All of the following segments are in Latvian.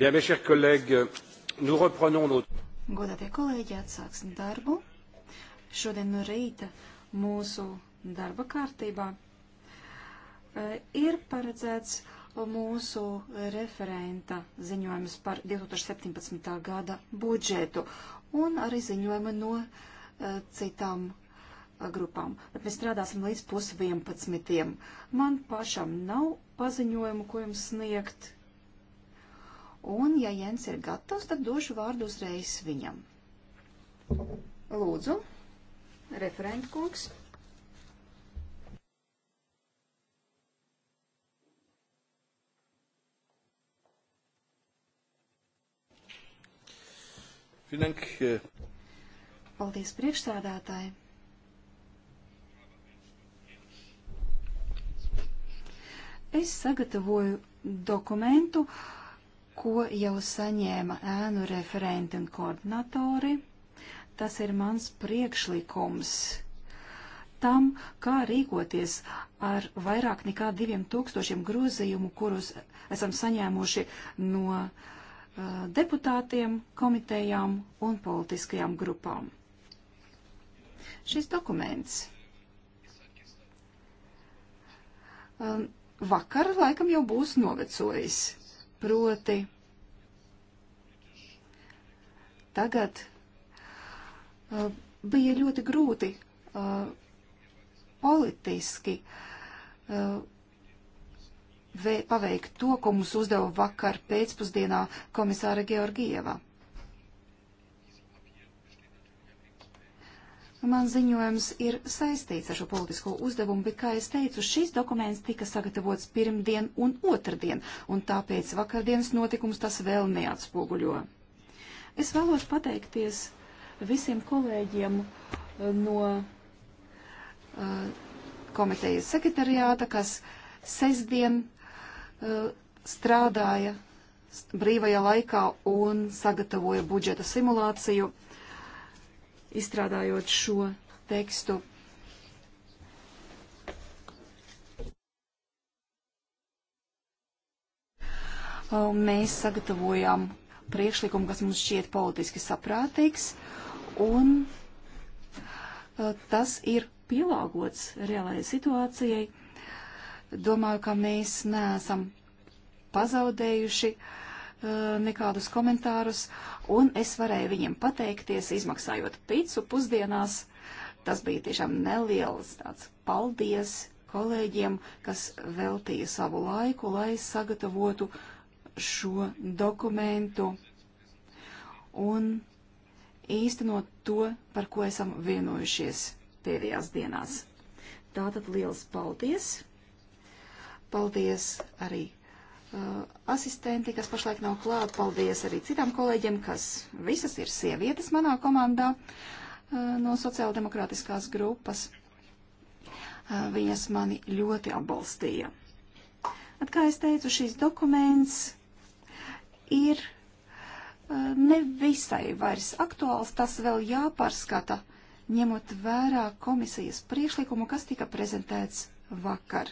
Bien, mes chers collègues, nous reprenons notre. Godātie kolēģi, atsāksim darbu. Šodien no rīta mūsu darba kārtībā e, ir paredzēts mūsu referenta ziņojums par 2017. gada budžetu un arī ziņojumi no uh, citām uh, grupām. Bet mēs strādāsim līdz pus 11. Man pašam nav paziņojumu, ko jums sniegt. Un, ja Jens ir gatavs, tad došu vārdu uzreiz viņam. Lūdzu, referentkungs. Äh, Paldies priekšsādātāji. Es sagatavoju dokumentu, uh, ko jau saņēma ēnu referenti un koordinatori. Tas ir mans priekšlikums tam, kā rīkoties ar vairāk nekā diviem tūkstošiem grozījumu, kurus esam saņēmuši no uh, deputātiem, komitejām un politiskajām grupām. Šis dokuments um, vakar laikam jau būs novecojis. Proti, tagad uh, bija ļoti grūti uh, politiski uh, vē, paveikt to, ko mums uzdeva vakar pēcpusdienā komisāra Georgieva. Man ziņojums ir saistīts ar šo politisko uzdevumu, bet, kā es teicu, šis dokuments tika sagatavots pirmdien un otrdien, un tāpēc vakardienas notikums tas vēl neatspoguļo. Es vēlos pateikties visiem kolēģiem eh, no uh, komitejas sekretariāta, kas sestdien uh, strādāja brīvajā laikā un sagatavoja budžeta simulāciju. Uh, izstrādājot šo tekstu. Uh, mēs sagatavojām priekšlikumu, kas mums šķiet politiski saprātīgs, un uh, tas ir pielāgots reālajai situācijai. Domāju, ka mēs neesam pazaudējuši uh, Uh, nekādus komentārus, un es varēju viņiem pateikties, izmaksājot picu pusdienās. Tas bija tiešām neliels tāds paldies kolēģiem, kas veltīja savu laiku, lai sagatavotu šo dokumentu un īstenot to, par ko esam vienojušies pēdējās dienās. Tātad liels paldies! Paldies arī Uh, asistentei, kas pašlaik nav klāt. Paldies arī citām kolēģiem, kas visas ir sievietes manā komandā uh, no sociāldemokrātiskās grupas. Uh, viņas mani ļoti atbalstīja. At, kā es teicu, šīs dokuments ir nevisai vairs aktuāls, tas vēl jāpārskata, ņemot vērā komisijas priekšlikumu, kas tika prezentēts vakar.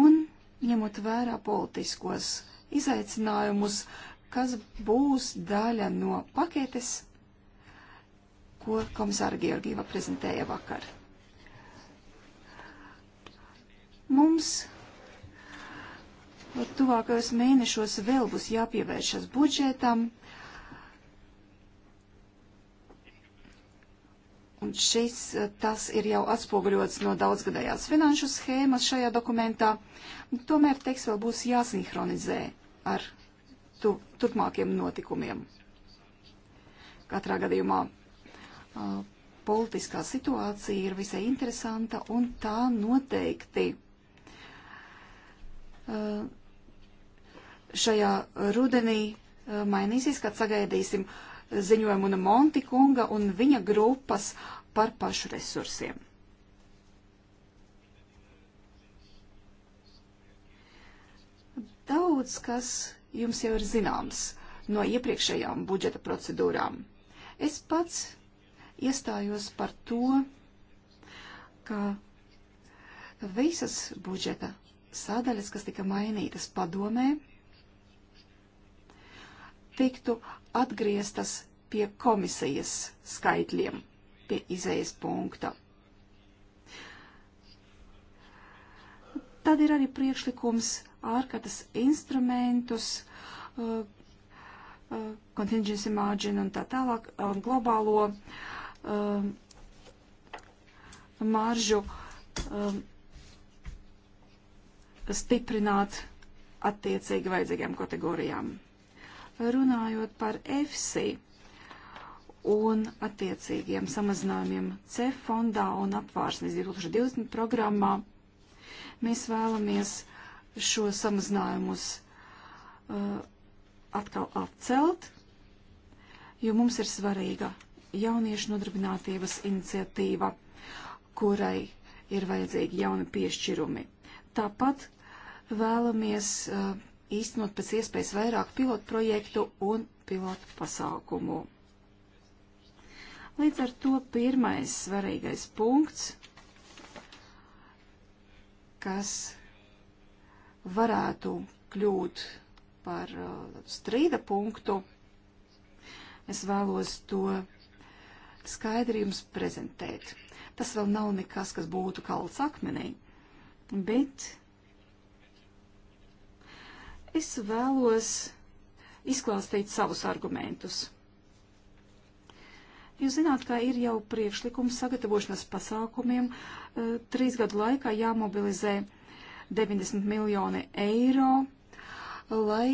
Un ņemot vērā politiskos izaicinājumus, kas būs daļa no paketes, ko komisāra Georgieva prezentēja vakar. Mums tuvākajos mēnešos vēl būs jāpievēršas budžetam, Un šis tas ir jau atspoguļots no daudzgadējās finanšu schēmas šajā dokumentā. Tomēr teksts vēl būs jāsinhronizē ar tu, turpmākiem notikumiem. Katrā gadījumā uh, politiskā situācija ir visai interesanta un tā noteikti uh, šajā rudenī uh, mainīsies, kad sagaidīsim ziņojumu no Montikunga un viņa grupas par pašu resursiem. Daudz kas jums jau ir zināms no iepriekšējām budžeta procedūrām. Es pats iestājos par to, ka visas budžeta sadaļas, kas tika mainītas padomē, tiktu atgrieztas pie komisijas skaitļiem, pie izējas punkta. Tad ir arī priekšlikums ārkārtas instrumentus, uh, uh, contingency margin un tā tālāk, um, globālo um, maržu um, stiprināt attiecīgi vajadzīgām kategorijām. Runājot par EFSI un attiecīgiem samazinājumiem CEF fondā un apvārsnes 2020 programmā, Mēs vēlamies šo samazinājumus uh, atkal atcelt, jo mums ir svarīga jauniešu nodarbinātības iniciatīva, kurai ir vajadzīgi jauni piešķirumi. Tāpat vēlamies uh, īstenot pēc iespējas vairāk pilotu projektu un pilotu pasākumu. Līdz ar to pirmais svarīgais punkts kas varētu kļūt par uh, strīda punktu, es vēlos to skaidri jums prezentēt. Tas vēl nav nekas, kas būtu kalts akmenī, bet es vēlos izklāstīt savus argumentus. Jūs zināt, ka ir jau priekšlikums sagatavošanas pasākumiem uh, Eh, trīs gadu laikā jāmobilizē 90 miljoni eiro, lai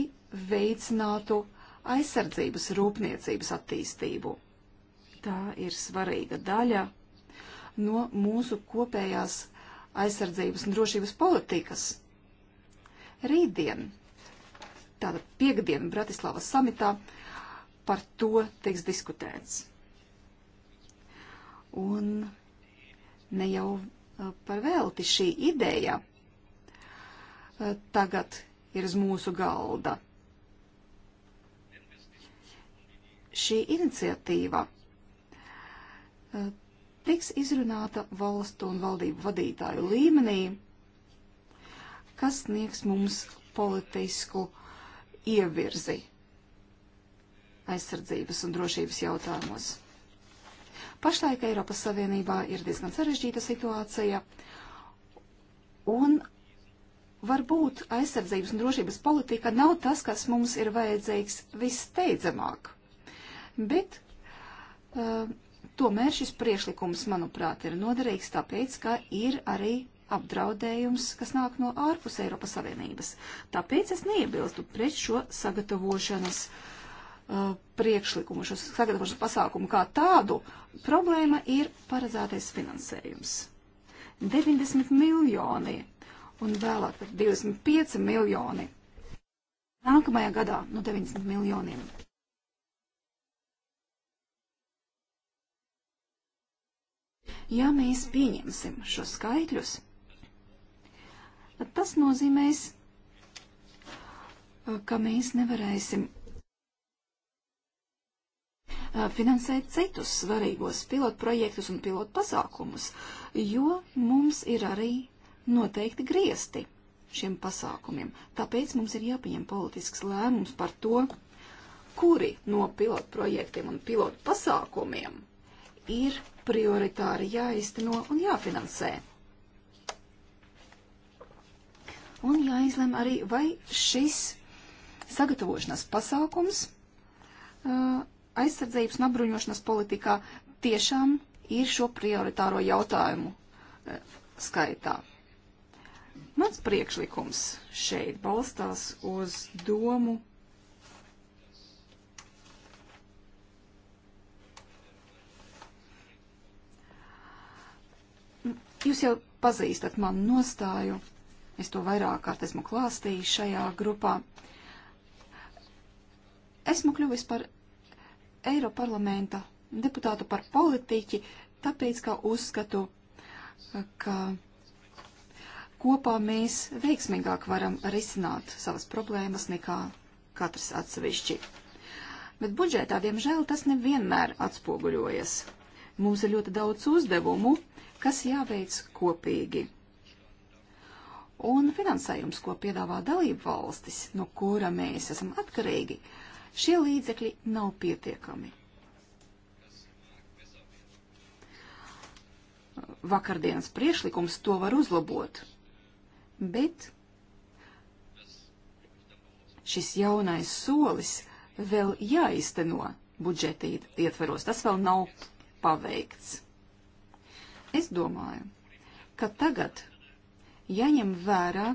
veicinātu aizsardzības rūpniecības attīstību. Tā ir svarīga daļa no mūsu kopējās aizsardzības un drošības politikas. Rītdien, tāda piekdiena Bratislavas samitā, par to tiks diskutēts. Un ne jau par velti šī ideja tagad ir uz mūsu galda. Šī iniciatīva tiks izrunāta valstu un valdību vadītāju līmenī, kas sniegs mums politisku ievirzi aizsardzības un drošības jautājumos. Pašlaik Eiropas Savienībā ir diezgan sarežģīta situācija, un varbūt aizsardzības un drošības politika nav tas, kas mums ir vajadzīgs visteidzamāk. Bet uh, tomēr šis priešlikums, manuprāt, ir noderīgs tāpēc, ka ir arī apdraudējums, kas nāk no ārpus Eiropas Savienības. Tāpēc es neiebilstu pret šo sagatavošanas uh, Uh, priekšlikumu, šo sagatavošanas pasākumu kā tādu, problēma ir paredzētais finansējums. 90 miljoni un vēlāk pat 25 miljoni. Nākamajā gadā no 90 miljoniem. Ja mēs pieņemsim šos skaitļus, tad tas nozīmēs, uh, ka mēs nevarēsim finansēt citus svarīgos pilotprojektus un pilotpasākumus, jo mums ir arī noteikti griesti šiem pasākumiem. Tāpēc mums ir jāpieņem politisks lēmums par to, kuri no pilotprojektiem un pilotpasākumiem ir prioritāri jāizteno un jāfinansē. Un jāizlem arī, vai šis sagatavošanās pasākums uh, aizsardzības un apbruņošanas politikā tiešām ir šo prioritāro jautājumu e, skaitā. Mans priekšlikums šeit balstās uz domu Jūs jau pazīstat manu nostāju. Es to vairāk kārt esmu klāstījis šajā grupā. Esmu kļuvis par Eiroparlamenta deputātu par politiķi, tāpēc, ka uzskatu, ka kopā mēs veiksmīgāk varam risināt savas problēmas nekā katrs atsevišķi. Bet budžetā, diemžēl, tas nevienmēr atspoguļojas. Mums ir ļoti daudz uzdevumu, kas jāveic kopīgi. Un finansējums, ko piedāvā dalību valstis, no kura mēs esam atkarīgi, uh, Šie līdzekļi nav pietiekami. Vakardienas priešlikums to var uzlabot, bet šis jaunais solis vēl jāizteno budžeta ietveros. Tas vēl nav paveikts. Es domāju, ka tagad jāņem vērā,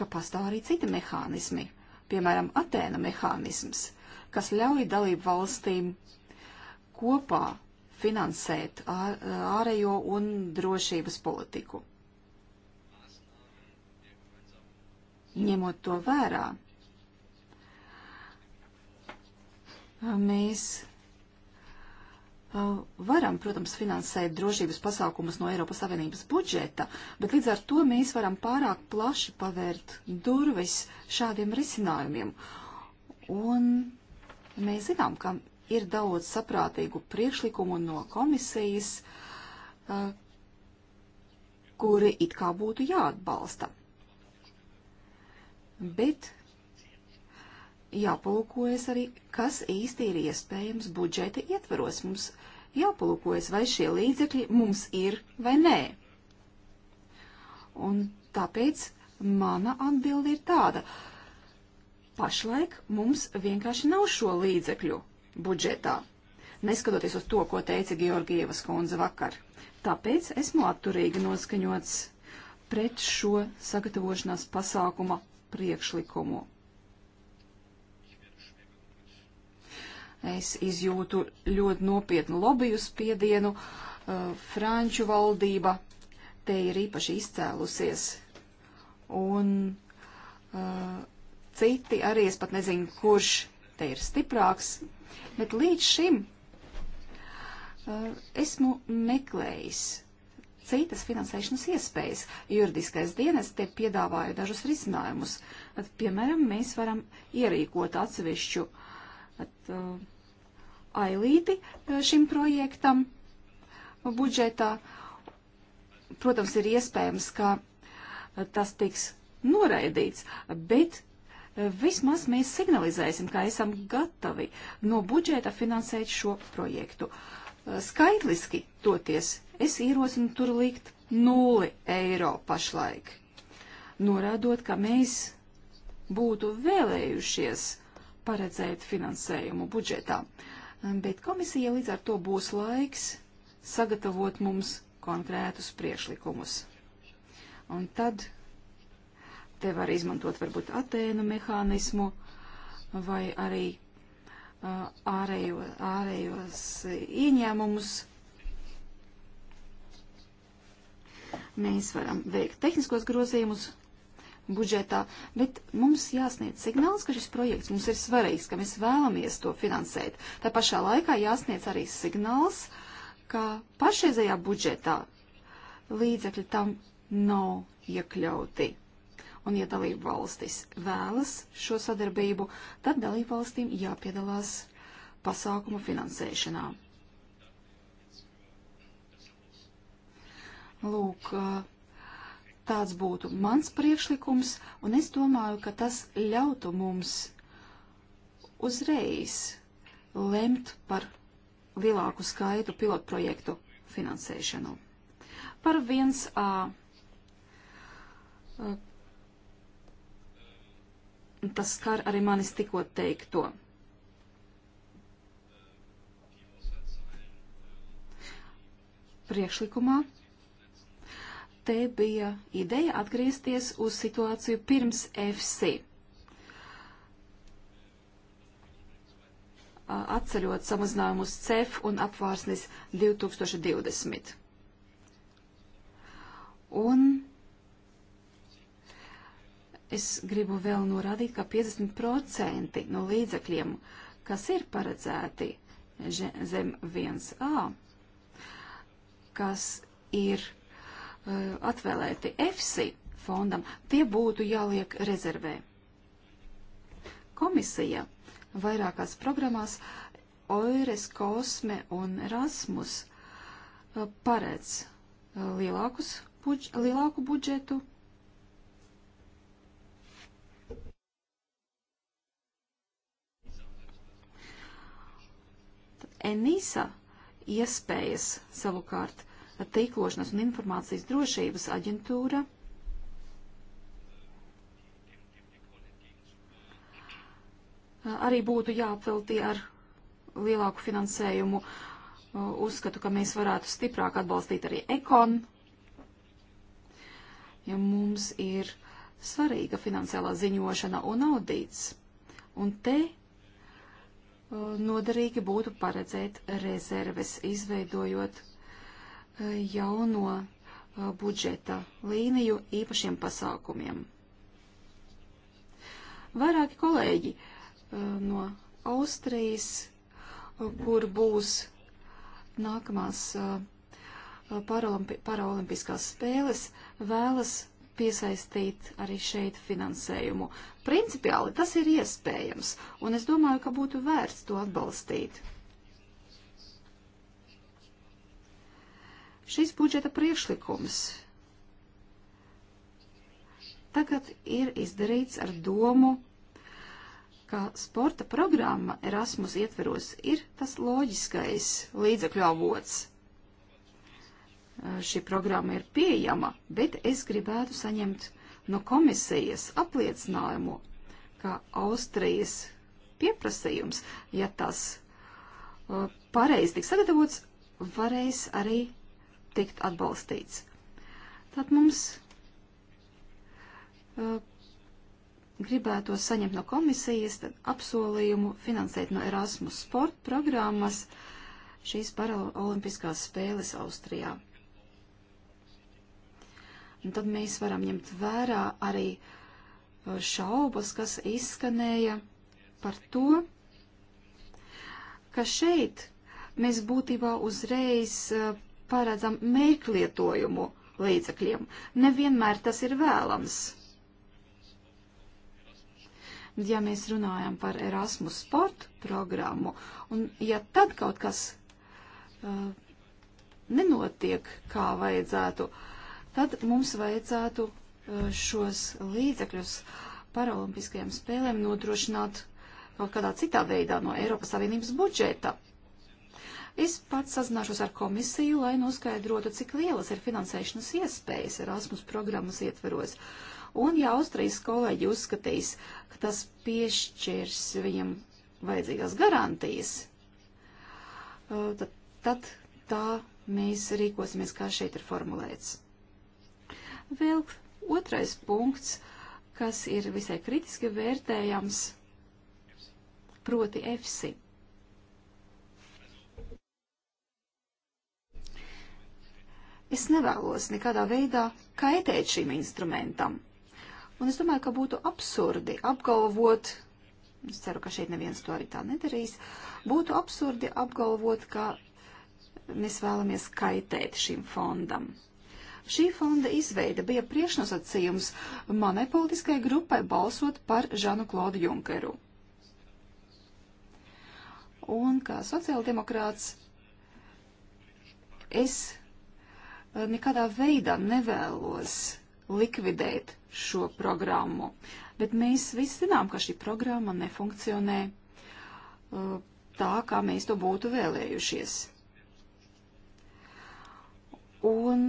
ka pastāv arī citi mehānismi, piemēram, Atēna mehānisms, kas ļauj dalību valstīm kopā finansēt ārējo un drošības politiku. Ņemot to vērā, mēs Uh, varam, protams, finansēt drošības pasākumus no Eiropas Savienības budžeta, bet līdz ar to mēs varam pārāk plaši pavērt durvis šādiem risinājumiem. Un mēs zinām, ka ir daudz saprātīgu priekšlikumu no komisijas, uh, kuri it kā būtu jāatbalsta. Bet jāpalūkojas arī, kas īsti ir iespējams budžeta ietvaros. Mums jāpalūkojas, vai šie līdzekļi mums ir vai nē. Un tāpēc mana atbilde ir tāda. Pašlaik mums vienkārši nav šo līdzekļu budžetā, neskatoties uz to, ko teica Georgievas kundze vakar. Tāpēc esmu atturīgi noskaņots pret šo sagatavošanās pasākuma priekšlikumu. Es izjūtu ļoti nopietnu lobiju spiedienu. Uh, franču valdība te ir īpaši izcēlusies. Un uh, citi arī, es pat nezinu, kurš te ir stiprāks, bet līdz šim uh, esmu meklējis citas finansēšanas iespējas. Juridiskais dienas te piedāvāja dažus risinājumus. Tad, piemēram, mēs varam ierīkot atsevišķu uh, at, uh, ailīti uh, šim projektam budžetā. Protams, ir iespējams, ka uh, tas tiks noraidīts, bet vismaz mēs signalizēsim, ka esam gatavi no budžeta finansēt šo projektu. Skaitliski toties es ierosinu tur likt nulli eiro pašlaik, norādot, ka mēs būtu vēlējušies paredzēt finansējumu budžetā. Bet komisija līdz ar to būs laiks sagatavot mums konkrētus priešlikumus. Un tad te var izmantot varbūt Atēnu mehānismu vai arī ārējo, ārējos ieņēmumus. Mēs varam veikt tehniskos grozījumus, budžetā, bet mums jāsniedz signāls, ka šis projekts mums ir svarīgs, ka mēs vēlamies to finansēt. Tā pašā laikā jāsniedz arī signāls, ka pašreizējā budžetā līdzekļi tam nav iekļauti. Un ja dalību valstis vēlas šo sadarbību, tad dalību valstīm jāpiedalās pasākumu finansēšanā. Lūk, Tāds būtu mans priekšlikums, un es domāju, ka tas ļautu mums uzreiz lemt par lielāku skaitu pilotprojektu finansēšanu. Par 1A. Tas skar arī manis tikko teikto. Priekšlikumā te bija ideja atgriezties uz situāciju pirms FC. Atceļot samazinājumus CEF un apvārsnes 2020. Un es gribu vēl norādīt, ka 50% no līdzekļiem, kas ir paredzēti zem 1A, kas ir Uh, atvēlēti EFSI fondam, tie būtu jāliek rezervē. Komisija vairākās programmās Oires, Kosme un Rasmus uh, paredz uh, lielākus, budž lielāku budžetu. Tad Enisa iespējas savukārt tīklošanas un informācijas drošības aģentūra arī būtu jāapvelti ar lielāku finansējumu. Uzskatu, ka mēs varētu stiprāk atbalstīt arī ekon, ja mums ir svarīga finansiālā ziņošana un audīts. Un te uh, noderīgi būtu paredzēt rezerves, izveidojot jauno uh, budžeta līniju īpašiem pasākumiem. Vairāki kolēģi uh, no Austrijas, uh, kur būs nākamās paraolimpiskās spēles, vēlas piesaistīt arī šeit finansējumu. Principiāli tas ir iespējams, un es domāju, ka būtu vērts to atbalstīt. Šis budžeta priekšlikums tagad ir izdarīts ar domu, ka sporta programma Erasmus ietveros ir tas loģiskais līdzekļu avots. Šī programma ir pieejama, bet es gribētu saņemt no komisijas apliecinājumu, ka Austrijas pieprasījums, ja tas uh, pareizi tiks sagatavots, varēs arī tikt atbalstīts. Tad mums uh, gribētu saņemt no komisijas apsolījumu finansēt no Erasmus sporta programmas šīs paralimpiskās spēles Austrijā. Un tad mēs varam ņemt vērā arī uh, šaubas, kas izskanēja par to, ka šeit mēs būtībā uzreiz uh, paredzam mērklietojumu līdzekļiem. Nevienmēr tas ir vēlams. Ja mēs runājam par Erasmus sportu programmu, un ja tad kaut kas uh, nenotiek kā vajadzētu, tad mums vajadzētu uh, šos līdzekļus paralimpiskajām spēlēm nodrošināt kaut kādā citā veidā no Eiropas Savienības budžeta. Uh, Es pats sazināšos ar komisiju, lai noskaidrotu, cik lielas ir finansēšanas iespējas Erasmus programmas ietveros. Un ja Austrijas kolēģi uzskatīs, ka tas piešķirs viņam vajadzīgās garantijas, tad, tad tā mēs rīkosimies, kā šeit ir formulēts. Vēl otrais punkts, kas ir visai kritiski vērtējams, proti EFSI. Es nevēlos nekādā veidā kaitēt šim instrumentam. Un es domāju, ka būtu absurdi apgalvot, es ceru, ka šeit neviens to arī tā nedarīs, būtu absurdi apgalvot, ka mēs vēlamies kaitēt šim fondam. Šī fonda izveida bija priešnosacījums manai politiskai grupai balsot par Žanu Klodu Junkeru. Un kā sociāldemokrāts es Eh, nekādā veidā nevēlos likvidēt šo programmu, bet mēs visi zinām, ka šī programma nefunkcionē eh, tā, kā mēs to būtu vēlējušies. Un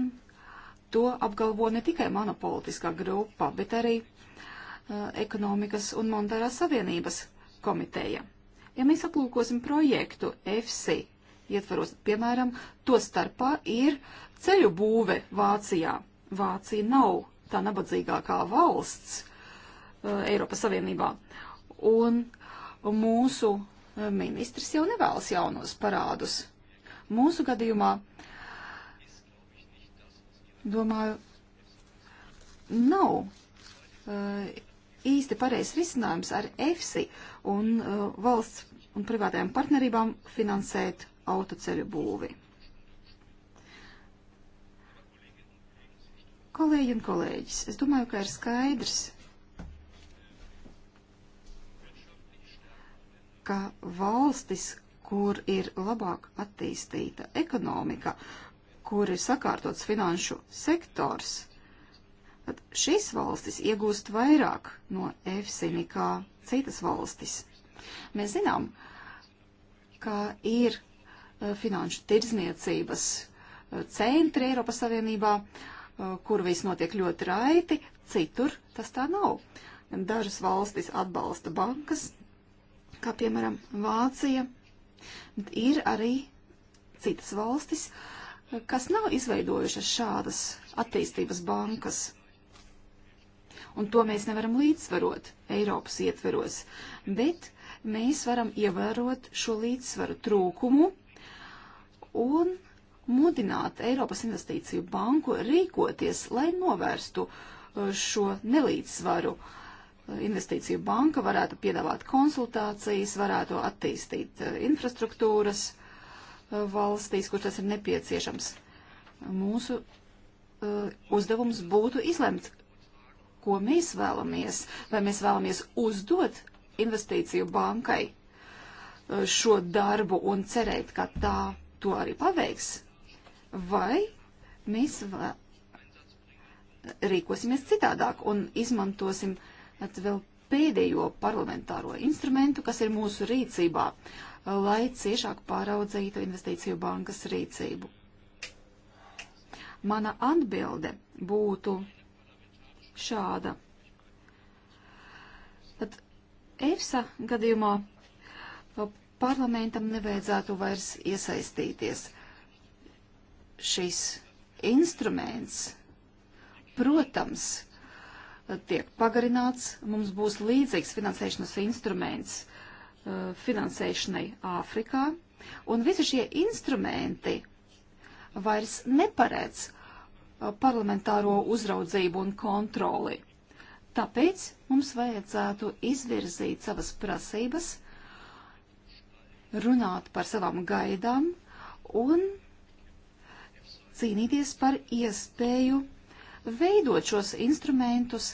to apgalvo ne tikai mana politiskā grupa, bet arī eh, ekonomikas un monetārās savienības komiteja. Ja mēs aplūkosim projektu EFSI ietvaros, piemēram, to starpā ir Ceļu būve Vācijā. Vācija nav tā nabadzīgākā valsts uh, Eiropas Savienībā. Un mūsu uh, ministrs jau nevēlas jaunos parādus. Mūsu gadījumā, domāju, nav uh, īsti pareizs risinājums ar EFSI un uh, valsts un privātajām partnerībām finansēt autoceļu būvi. Kolēģi un kolēģis, es domāju, ka ir skaidrs, ka valstis, kur ir labāk attīstīta ekonomika, kur ir sakārtots finanšu sektors, tad šīs valstis iegūst vairāk no EFSI nekā citas valstis. Mēs zinām, ka ir eh, finanšu tirdzniecības eh, centri Eiropas Savienībā, uh, Uh, kur viss notiek ļoti raiti, citur tas tā nav. Dažas valstis atbalsta bankas, kā piemēram Vācija. Ir arī citas valstis, uh, kas nav izveidojušas šādas attīstības bankas. Un to mēs nevaram līdzsvarot Eiropas ietveros, bet mēs varam ievērot šo līdzsvaru trūkumu un mudināt Eiropas investīciju banku rīkoties, lai novērstu uh, šo nelīdzsvaru. Uh, investīciju banka varētu piedāvāt konsultācijas, varētu attīstīt uh, infrastruktūras valstīs, kur tas ir nepieciešams. Mūsu uzdevums būtu izlemt, ko mēs vēlamies, vai mēs vēlamies uzdot investīciju bankai šo darbu un cerēt, ka tā to arī paveiks, vai mēs rīkosimies citādāk un izmantosim vēl pēdējo parlamentāro instrumentu, kas ir mūsu rīcībā, lai ciešāk pāraudzītu investīciju bankas rīcību. Mana atbilde būtu šāda. Tad EFSA gadījumā parlamentam nevajadzētu vairs iesaistīties – šīs instruments, protams, tiek pagarināts, mums būs līdzīgs finansēšanas instruments uh, finansēšanai Āfrikā, un visi šie instrumenti vairs neparedz uh, parlamentāro uzraudzību un kontroli. Tāpēc mums vajadzētu izvirzīt savas prasības, runāt par savām gaidām un cīnīties par iespēju veidot šos instrumentus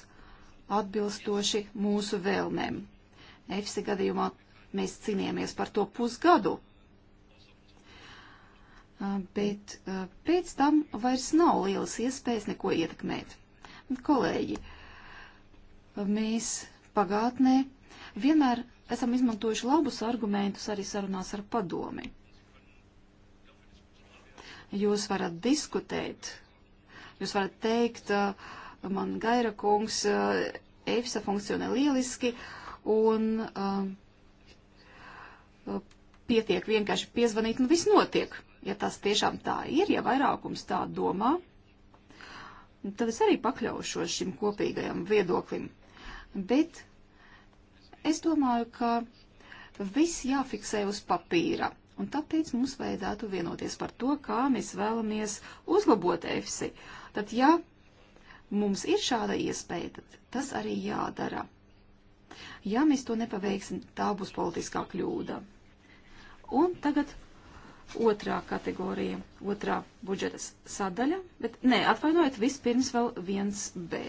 atbilstoši mūsu vēlmēm. EFSI gadījumā mēs cīnījāmies par to pusgadu, bet pēc tam vairs nav lielas iespējas neko ietekmēt. Kolēģi, mēs pagātnē vienmēr esam izmantojuši labus argumentus arī sarunās ar padomi. Jūs varat diskutēt, jūs varat teikt, uh, man Gaira kungs, uh, EFSA funkcionē lieliski un uh, uh, pietiek vienkārši piezvanīt un viss notiek. Ja tas tiešām tā ir, ja vairākums tā domā, tad es arī pakļaušos šim kopīgajam viedoklim. Bet es domāju, ka viss jāfiksē uz papīra. Un tāpēc mums vajadzētu vienoties par to, kā mēs vēlamies uzlabot EFSI. Tad, ja mums ir šāda iespēja, tad tas arī jādara. Ja mēs to nepaveiksim, tā būs politiskā kļūda. Un tagad otrā kategorija, otrā budžetas sadaļa, bet nē, atvainojiet, vispirms vēl viens B.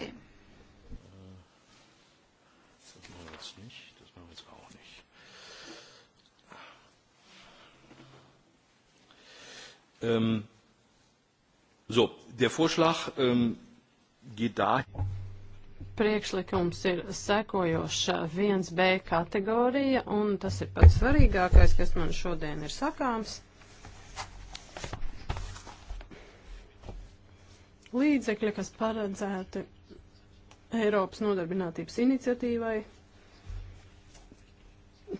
Ähm, so, der Vorschlag ähm, geht dahin priekšlikums ir sekojoša 1B kategorija, un tas ir pats svarīgākais, kas man šodien ir sakāms. Līdzekļi, kas paredzēti Eiropas nodarbinātības iniciatīvai,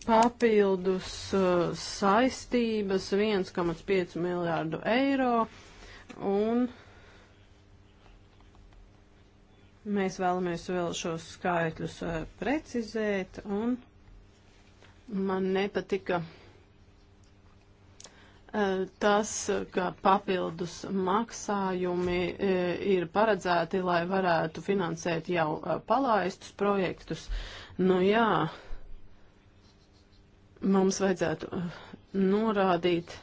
papildus uh, saistības 1,5 miljārdu eiro un mēs vēlamies vēl šos skaitļus uh, precizēt un man nepatika uh, tas, ka papildus maksājumi ir paredzēti, lai varētu finansēt jau palaistus projektus. Nu jā, uh, mums vajadzētu uh, norādīt,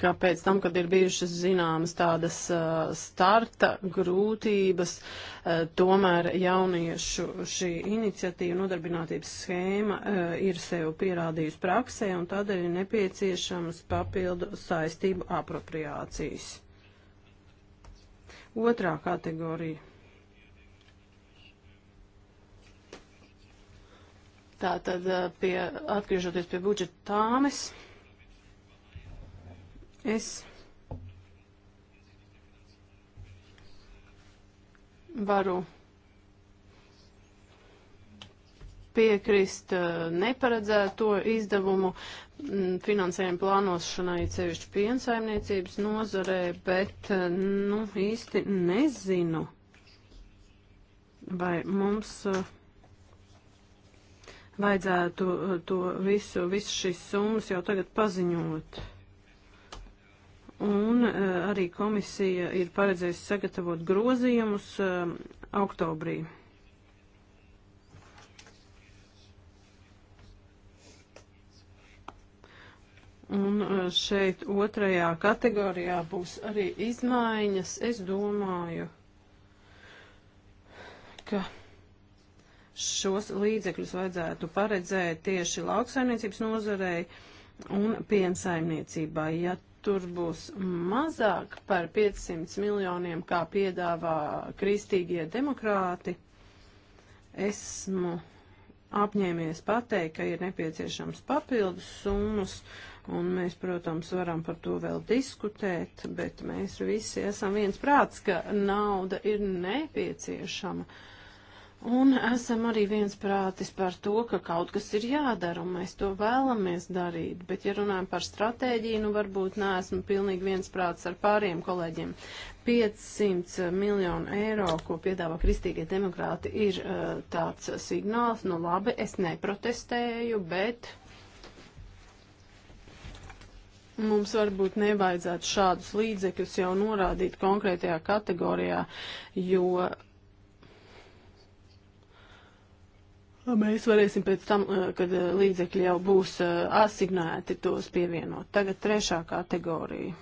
ka pēc tam, kad ir bijušas zināmas tādas uh, starta grūtības, uh, tomēr jauniešu šī iniciatīva nodarbinātības schēma uh, ir sev pierādījusi praksē un tādēļ ir nepieciešams papildu saistību apropriācijas. Otrā kategorija Tātad, eh, pie, atgriežoties pie budžeta tāmes, es varu piekrist eh, neparedzēto izdevumu mm, finansējumu plānošanai cevišķi piensaimniecības nozarē, bet, eh, nu, īsti nezinu, vai mums. Uh, vajadzētu eh, to visu, visu šīs summas jau tagad paziņot. Un eh, arī komisija ir paredzējusi sagatavot grozījumus eh, oktobrī. Un šeit otrajā kategorijā būs arī izmaiņas. Es domāju, ka šos līdzekļus vajadzētu paredzēt tieši lauksaimniecības nozarei un piensaimniecībai. Ja tur būs mazāk par 500 miljoniem, kā piedāvā kristīgie demokrāti, esmu apņēmies pateikt, ka ir nepieciešams papildus summas, un mēs, protams, varam par to vēl diskutēt, bet mēs visi esam viens prāts, ka nauda ir nepieciešama. Uh, Un esam arī viensprātis par to, ka kaut kas ir jādara, un mēs to vēlamies darīt. Bet, ja runājam par stratēģiju, nu varbūt neesmu pilnīgi viensprātis ar pāriem kolēģiem. 500 miljonu eiro, ko piedāvā kristīgie demokrāti, ir uh, tāds signāls, nu labi, es neprotestēju, bet mums varbūt nevajadzētu šādus līdzekļus jau norādīt konkrētajā kategorijā, jo Mēs varēsim pēc tam, eh, kad eh, līdzekļi jau būs eh, asignēti, tos pievienot. Tagad trešā kategorija.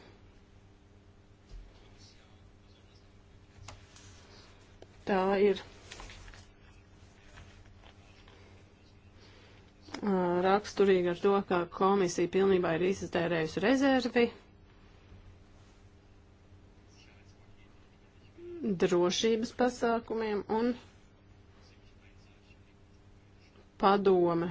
Tā ir raksturīga ar to, ka komisija pilnībā ir iztērējusi rezervi. drošības pasākumiem un padome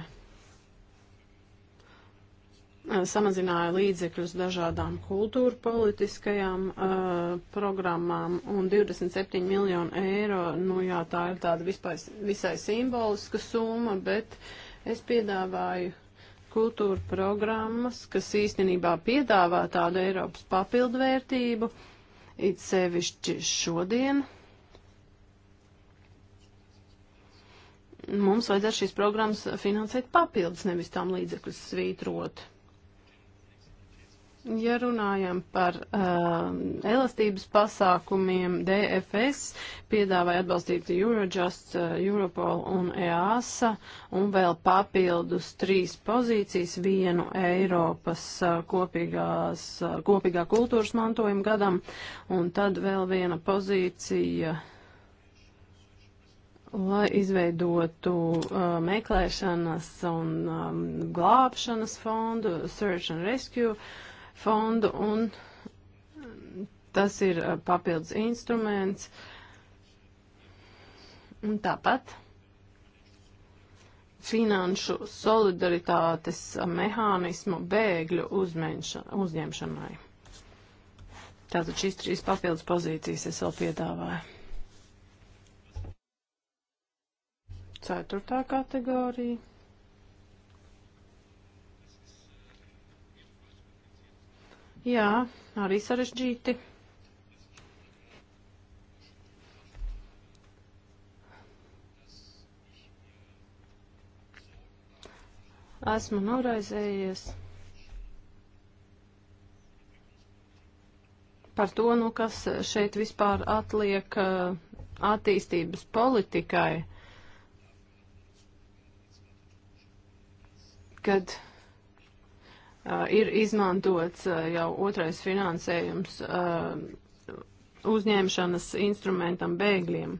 eh, samazināja līdzekļus dažādām kultūra politiskajām uh, eh, programmām un 27 miljonu eiro, nu jā, tā ir tāda vispār, visai simboliska summa, bet es piedāvāju kultūra programmas, kas īstenībā piedāvā tādu Eiropas papildvērtību, it sevišķi šodien. mums vajadzētu šīs programmas finansēt papildus, nevis tām līdzekļus svītrot. Ja runājam par uh, elastības pasākumiem, DFS piedāvāja atbalstīt Eurojust, uh, Europol un EASA un vēl papildus trīs pozīcijas vienu Eiropas uh, kopīgās, uh, kopīgā kultūras mantojuma gadam un tad vēl viena pozīcija. Uh, lai izveidotu uh, meklēšanas un um, glābšanas fondu, search and rescue fondu, un tas ir uh, papildus instruments. Un tāpat finanšu solidaritātes uh, mehānismu bēgļu uzņemšanai. Tātad šīs trīs papildus pozīcijas es vēl piedāvāju. Ceturtā kategorija. Jā, arī sarežģīti. Esmu noraizējies par to, nu, kas šeit vispār atliek eh, attīstības politikai. kad uh, ir izmantots uh, jau otrais finansējums uh, uzņemšanas instrumentam bēgļiem.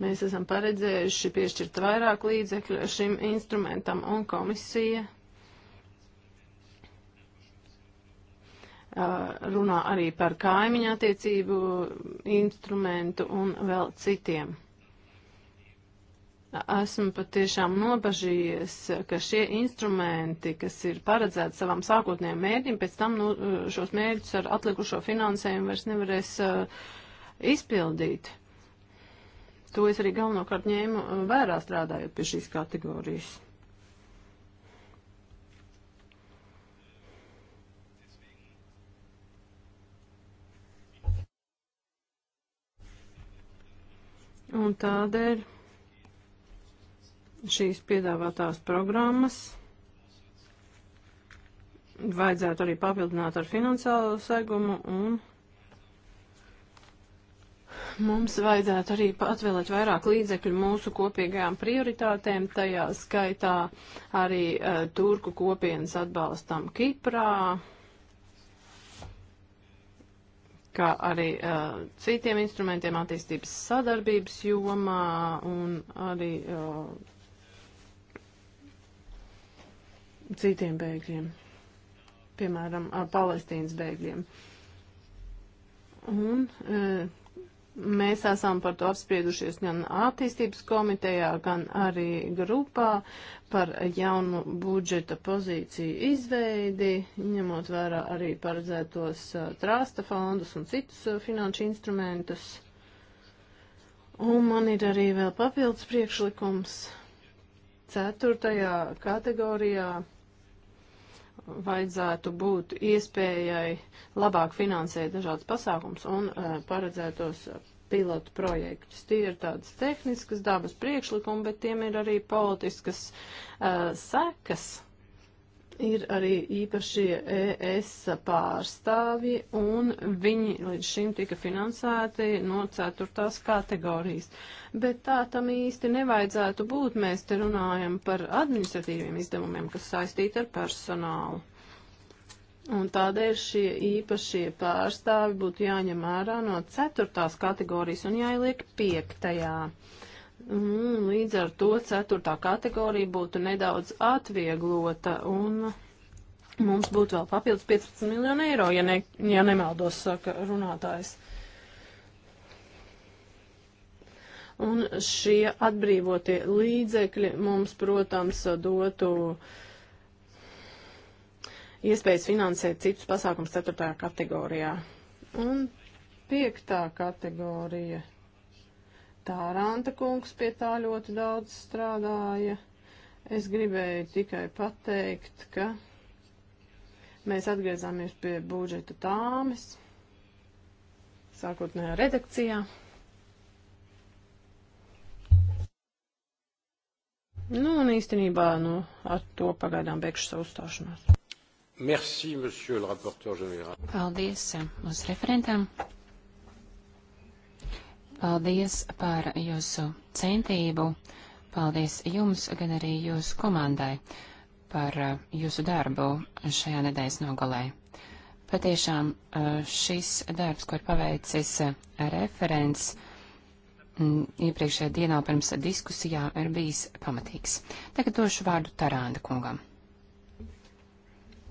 Mēs esam paredzējuši piešķirt vairāk līdzekļu šim instrumentam un komisija runā arī par kaimiņu attiecību instrumentu un vēl citiem. Esmu patiešām nobažījies, ka šie instrumenti, kas ir paredzēti savam sākotnējiem mērķim, pēc tam nu, šos mērķus ar atlikušo finansējumu vairs nevarēs uh, izpildīt. To es arī galvenokārt ņēmu uh, vērā strādājot pie šīs kategorijas. Un tādēļ šīs piedāvātās programmas vajadzētu arī papildināt ar finansiālo segumu un mums vajadzētu arī atvēlēt vairāk līdzekļu mūsu kopīgajām prioritātēm, tajā skaitā arī uh, turku kopienas atbalstam Kiprā, kā arī uh, citiem instrumentiem attīstības sadarbības jomā un arī uh, citiem bēgļiem, piemēram, Palestīnas bēgļiem. Un e, mēs esam par to apspriedušies gan attīstības komitejā, gan arī grupā par jaunu budžeta pozīciju izveidi, ņemot vērā arī paredzētos trāsta fondus un citus finanšu instrumentus. Un man ir arī vēl papildus priekšlikums ceturtajā kategorijā vajadzētu būt iespējai labāk finansēt dažādas pasākums un uh, paredzētos eh, pilotu projektus. Tie ir tādas tehniskas dabas priekšlikumi, bet tiem ir arī politiskas uh, sekas ir arī īpašie ES pārstāvji, un viņi līdz šim tika finansēti no ceturtās kategorijas. Bet tā tam īsti nevajadzētu būt. Mēs te runājam par administratīviem izdevumiem, kas saistīti ar personālu. Un tādēļ šie īpašie pārstāvi būtu jāņem ārā no ceturtās kategorijas un jāieliek piektajā. Uh, Mm, līdz ar to ceturtā kategorija būtu nedaudz atvieglota un mums būtu vēl papildus 15 miljonu eiro, ja, ne, ja nemaldos, saka runātājs. Un šie atbrīvotie līdzekļi mums, protams, dotu iespējas finansēt citus pasākums ceturtajā kategorijā. Un piektā kategorija. Tāranta kungs pie tā ļoti daudz strādāja. Es gribēju tikai pateikt, ka mēs atgriezāmies pie budžeta tāmes, sākotnējā redakcijā. Nu, un īstenībā nu, ar to pagaidām beigšu savu uzstāšanos. Merci, monsieur le rapporteur général. Paldies eh, mūsu referentam. Paldies par jūsu centību. Paldies jums, gan arī jūsu komandai par uh, jūsu darbu šajā nedēļas nogalē. Patiešām uh, šis darbs, ko ir paveicis uh, referents mm, iepriekšējā dienā pirms diskusijām, ir bijis pamatīgs. Tagad došu vārdu Tarānda kungam.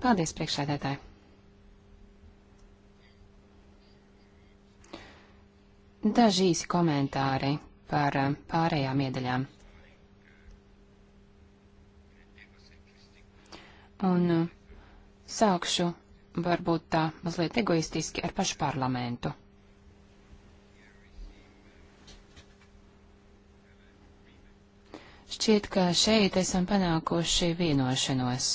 Paldies, priekšsēdētāji! Daži īsi komentāri par eh, pārējām iedaļām. Un eh, sākšu varbūt tā mazliet egoistiski ar pašu parlamentu. Šķiet, ka šeit esam panākuši vienošanos.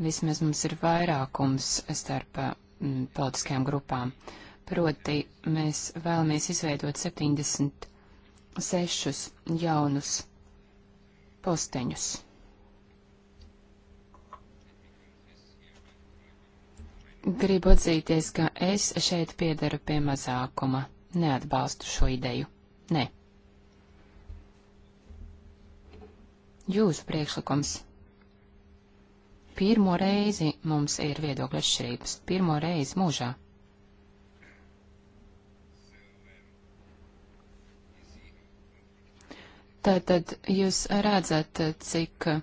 Vismaz mums ir vairākums starp eh, m, politiskajām grupām. Uh, Proti, mēs vēlamies izveidot 76 jaunus posteņus. Gribu atzīties, ka es šeit piedaru pie mazākuma. Neatbalstu šo ideju. Nē. Jūsu priekšlikums. Pirmo reizi mums ir viedokļa atšķirības. Pirmo reizi mūžā. Tātad jūs redzat, cik uh,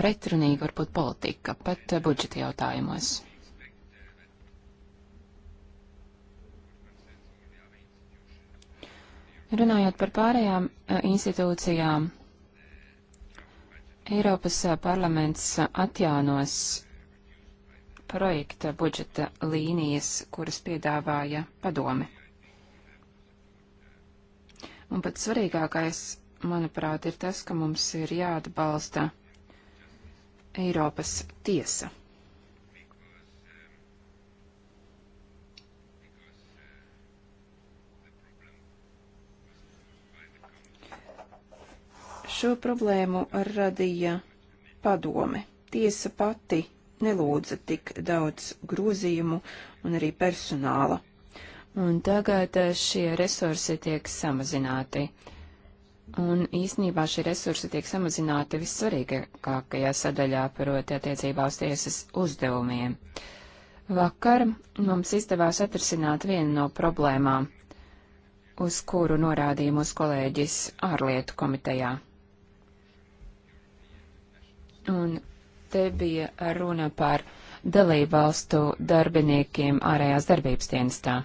pretrunīga var būt politika pat uh, budžeta jautājumos. Runājot par pārējām uh, institūcijām, Eiropas parlaments atjaunos projekta budžeta līnijas, kuras piedāvāja padome. Un pats svarīgākais manuprāt, ir tas, ka mums ir jāatbalsta Eiropas tiesa. Šo problēmu radīja padome. Tiesa pati nelūdza tik daudz grozījumu un arī personāla. Un tagad eh, šie resursi tiek samazināti. Uh, Un īsnībā šie resursi tiek samazināti vissvarīgākajā sadaļā, proti attiecībā uz tiesas uzdevumiem. Vakar mums izdevās atrisināt vienu no problēmām, uz kuru norādīja mūsu kolēģis ārlietu komitejā. Un te bija runa par dalībvalstu darbiniekiem ārējās darbības dienestā.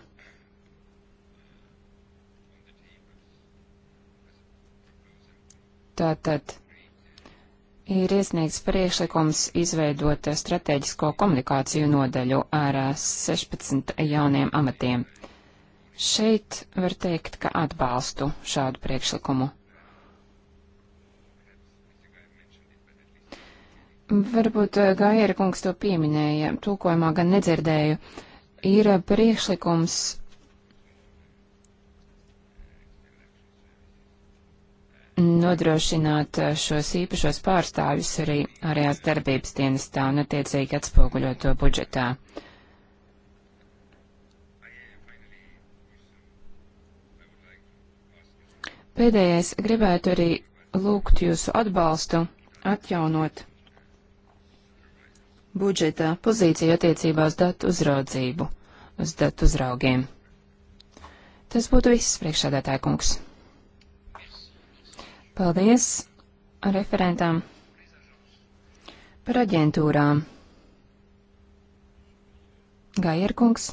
Tātad ir iesniegts priekšlikums izveidot strateģisko komunikāciju nodaļu ar 16 jauniem amatiem. Šeit var teikt, ka atbalstu šādu priekšlikumu. Varbūt eh, Gaira kungs to pieminēja, tūkojumā gan nedzirdēju. Ir priekšlikums nodrošināt eh, šos īpašos pārstāvjus arī ārējās darbības dienestā un attiecīgi atspoguļot to budžetā. Pēdējais gribētu arī lūgt jūsu atbalstu atjaunot budžeta pozīciju attiecībā uz datu uzraudzību, uz datu uzraugiem. Tas būtu viss priekšādātāja kungs. Paldies referentām par aģentūrām. Gairkungs.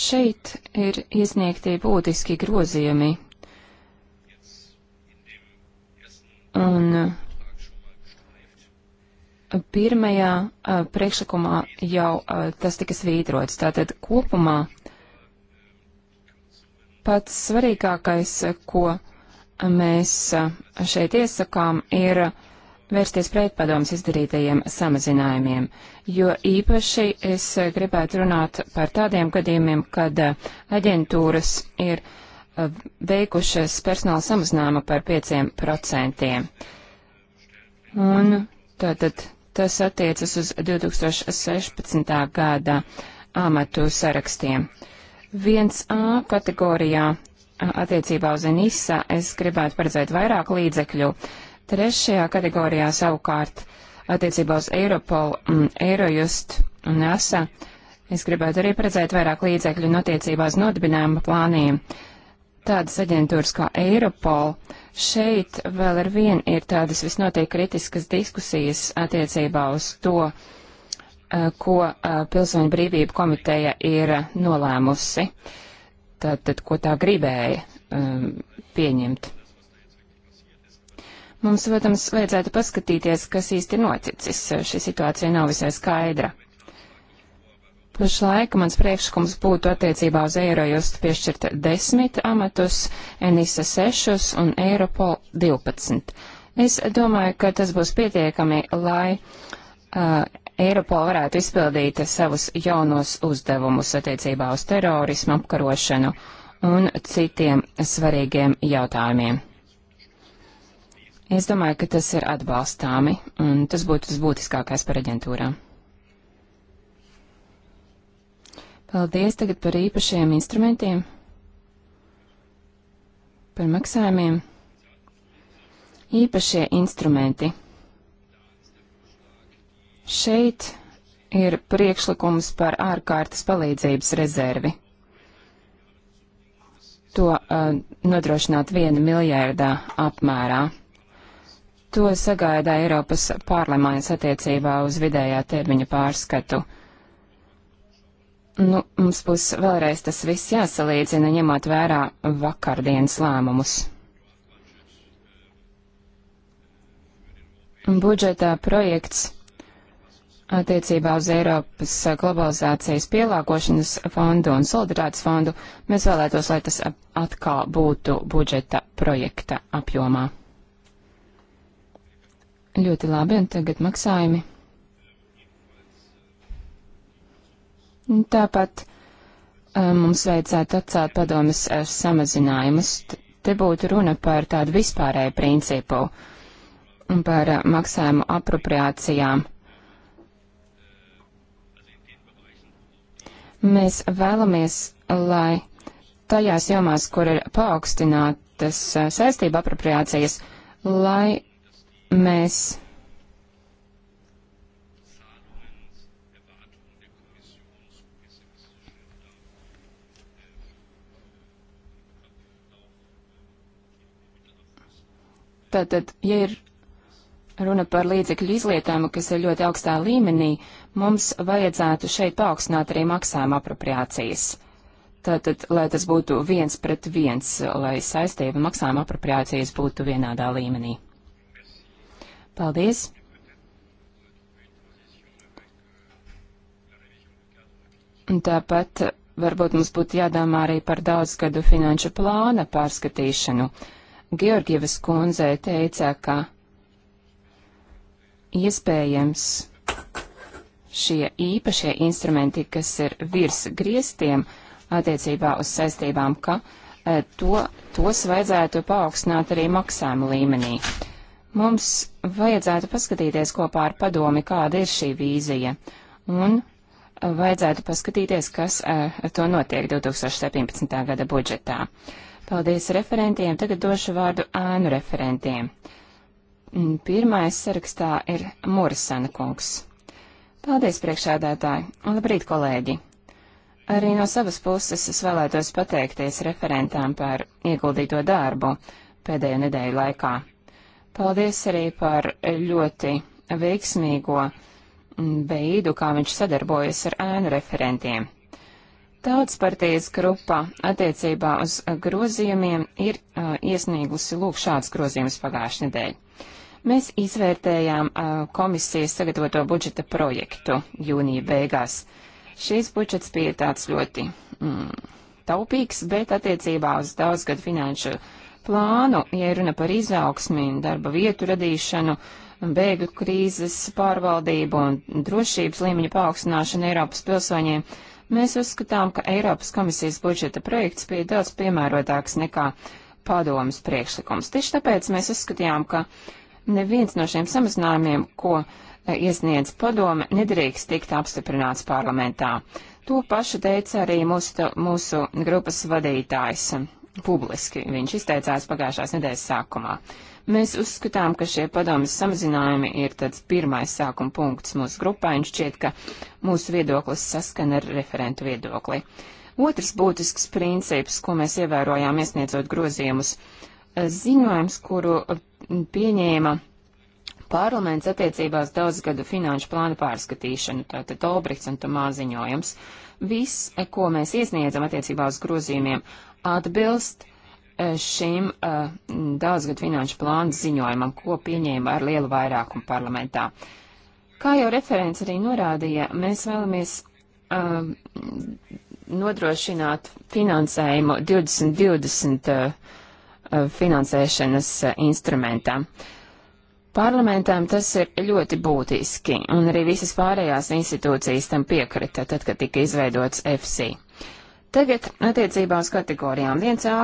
Šeit ir iesniegti būtiski grozījumi, un pirmajā uh, priekšlikumā jau uh, tas tika svītrots. Tātad kopumā pats svarīgākais, ko mēs šeit iesakām, ir vērsties pret padomus izdarītajiem samazinājumiem, jo īpaši es gribētu runāt par tādiem gadījumiem, kad aģentūras ir veikušas personāla samazinājuma par 5%. Un tātad Tas attiecas uz 2016. gada amatu sarakstiem. 1A kategorijā attiecībā uz Enisa es gribētu paredzēt vairāk līdzekļu. Trešajā kategorijā savukārt attiecībā uz Europol, Eurojust un NASA es gribētu arī paredzēt vairāk līdzekļu un attiecībā uz nodibinājuma plāniem tādas aģentūras kā Eiropol, šeit vēl ar vien ir tādas visnotiek kritiskas diskusijas attiecībā uz to, eh, ko eh, Pilsoņu brīvību komiteja ir nolēmusi, tad, tad ko tā gribēja um, pieņemt. Mums, protams, vajadzētu paskatīties, kas īsti noticis. Šī situācija nav visai skaidra. Pašlaik mans priekšlikums būtu attiecībā uz eiro jūs piešķirt 10 amatus, Enisa 6 un Eiropol 12. Es domāju, ka tas būs pietiekami, lai uh, Eiropol varētu izpildīt savus jaunos uzdevumus attiecībā uz terorismu apkarošanu un citiem svarīgiem jautājumiem. Es domāju, ka tas ir atbalstāmi, un tas būtu tas būtiskākais par aģentūrām. Paldies tagad par īpašiem instrumentiem, par maksājumiem. Īpašie instrumenti. Šeit ir priekšlikums par ārkārtas palīdzības rezervi. To uh, nodrošināt viena miljārdā apmērā. To sagaidā Eiropas pārlemājas attiecībā uz vidējā termiņa pārskatu. Nu, mums būs vēlreiz tas viss jāsalīdzina, ņemot vērā vakardienas lēmumus. Budžetā projekts attiecībā uz Eiropas globalizācijas pielāgošanas fondu un solidaritātes fondu mēs vēlētos, lai tas atkal būtu budžeta projekta apjomā. Ļoti labi, un tagad maksājumi. Tāpat eh, mums vajadzētu atcelt padomas eh, samazinājumus. Te būtu runa par tādu vispārēju principu, par eh, maksājumu apropriācijām. Mēs vēlamies, lai tajās jomās, kur ir paaugstinātas saistība apropriācijas, lai mēs Tātad, ja ir runa par līdzekļu izlietojumu, kas ir ļoti augstā līmenī, mums vajadzētu šeit paaugstināt arī maksājuma apropriācijas. Tātad, lai tas būtu viens pret viens, lai saistība maksājuma apropriācijas būtu vienādā līmenī. Paldies! Un tāpat varbūt mums būtu jādomā arī par daudzgadu finanšu plāna pārskatīšanu. Uh, Georgievas kundzei teica, ka iespējams šie īpašie instrumenti, kas ir virs griestiem attiecībā uz saistībām, ka e, to, tos vajadzētu paaugstināt arī maksājuma līmenī. Mums vajadzētu paskatīties kopā ar padomi, kāda ir šī vīzija, un vajadzētu paskatīties, kas e, ar to notiek 2017. gada budžetā. Uh, Paldies referentiem. Tagad došu vārdu ēnu referentiem. Mm, Pirmais sarakstā ir Morisana kungs. Paldies, priekšādātāji. Labrīt, kolēģi. Arī no savas puses es vēlētos pateikties referentām par ieguldīto darbu pēdējo nedēļu laikā. Paldies arī par ļoti veiksmīgo mm, veidu, kā viņš sadarbojas ar ēnu referentiem. Tautas partijas grupa attiecībā uz uh, grozījumiem ir uh, iesniegusi lūk šāds grozījums pagājušajā nedēļā. Mēs izvērtējām uh, komisijas sagatavoto budžeta projektu jūnija beigās. Šīs budžets bija tāds ļoti mm, taupīgs, bet attiecībā uz daudzgad finanšu plānu, ja runa par izaugsmi, darba vietu radīšanu, bēgļu krīzes pārvaldību un drošības līmeņa paaugstināšanu Eiropas pilsoņiem, Mēs uzskatām, ka Eiropas komisijas budžeta projekts bija daudz piemērotāks nekā padomas priekšlikums. Tieši tāpēc mēs uzskatījām, ka neviens no šiem samazinājumiem, ko e, iesniedz padome, nedrīkst tikt apstiprināts parlamentā. To pašu teica arī mūsu, mūsu grupas vadītājs publiski. Viņš izteicās pagājušās nedēļas sākumā. Uh, Mēs uzskatām, ka šie padomas samazinājumi ir tāds pirmais sākuma punkts mūsu grupā, un šķiet, ka mūsu viedoklis saskana ar referentu viedokli. Otrs būtisks princips, ko mēs ievērojām iesniedzot grozījumus, eh, ziņojums, kuru mm, pieņēma parlaments attiecībās daudzgadu finanšu plānu pārskatīšanu, tātad Olbrichts un Tomā ziņojums. Viss, eh, ko mēs iesniedzam attiecībā uz grozījumiem, atbilst Eh, šim uh, daudzgad finanšu plānu ziņojumam, ko pieņēma ar lielu vairākumu parlamentā. Kā jau referents arī norādīja, mēs vēlamies uh, nodrošināt finansējumu 2020 uh, finansēšanas instrumentam. Parlamentam tas ir ļoti būtiski, un arī visas pārējās institūcijas tam piekrita, tad, kad tika izveidots FC. Tagad attiecībā uz kategorijām. 1A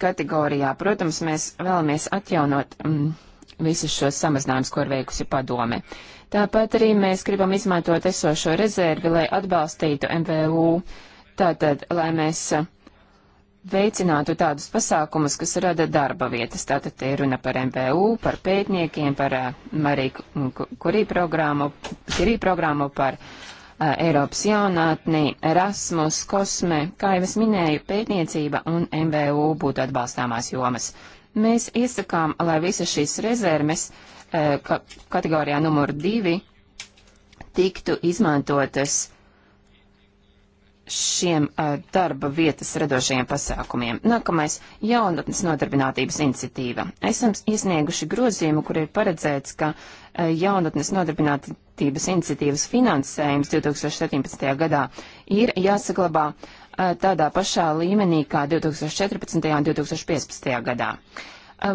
kategorijā, protams, mēs vēlamies atjaunot mm, visus šos samazinājumus, ko ir veikusi padome. Tāpat arī mēs gribam izmantot esošo rezervi, lai atbalstītu MVU, tātad, lai mēs veicinātu tādus pasākumus, kas rada darba vietas. Tātad ir runa par MVU, par pētniekiem, par Mariju eh, Kurī programmu, Kurī programmu par uh, Eiropas jaunatni, Erasmus, Kosme, kā jau es minēju, pētniecība un MVU būtu atbalstāmās jomas. Mēs iesakām, lai visas šīs rezerves e, ka kategorijā numur divi tiktu izmantotas šiem uh, darba vietas radošajiem pasākumiem. Nākamais - jaunatnes nodarbinātības iniciatīva. Esam iesnieguši grozījumu, kur ir paredzēts, ka uh, jaunatnes nodarbinātības iniciatīvas finansējums 2017. gadā ir jāsaglabā uh, tādā pašā līmenī kā 2014. un 2015. gadā.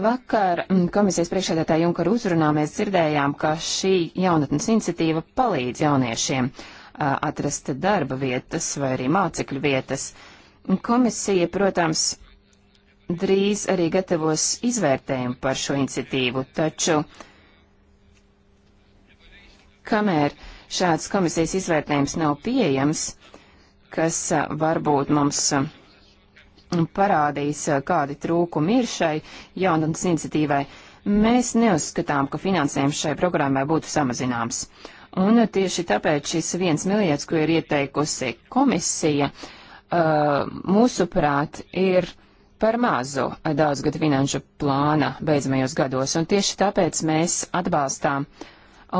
Vakar komisijas priekšādātāja Junkara uzrunā mēs dzirdējām, ka šī jaunatnes iniciatīva palīdz jauniešiem. Uh, atrast darba vietas vai arī mācekļu vietas. Komisija, protams, drīz arī gatavos izvērtējumu par šo iniciatīvu, taču kamēr šāds komisijas izvērtējums nav pieejams, kas varbūt mums parādīs, kādi trūkumi ir šai jaunatnes iniciatīvai, mēs neuzskatām, ka finansējums šai programmai būtu samazināms. Uh, Un tieši tāpēc šis viens miljards, ko ir ieteikusi komisija, mūsuprāt, ir par mazu daudzgadu finanšu plāna beidzamajos gados, un tieši tāpēc mēs atbalstām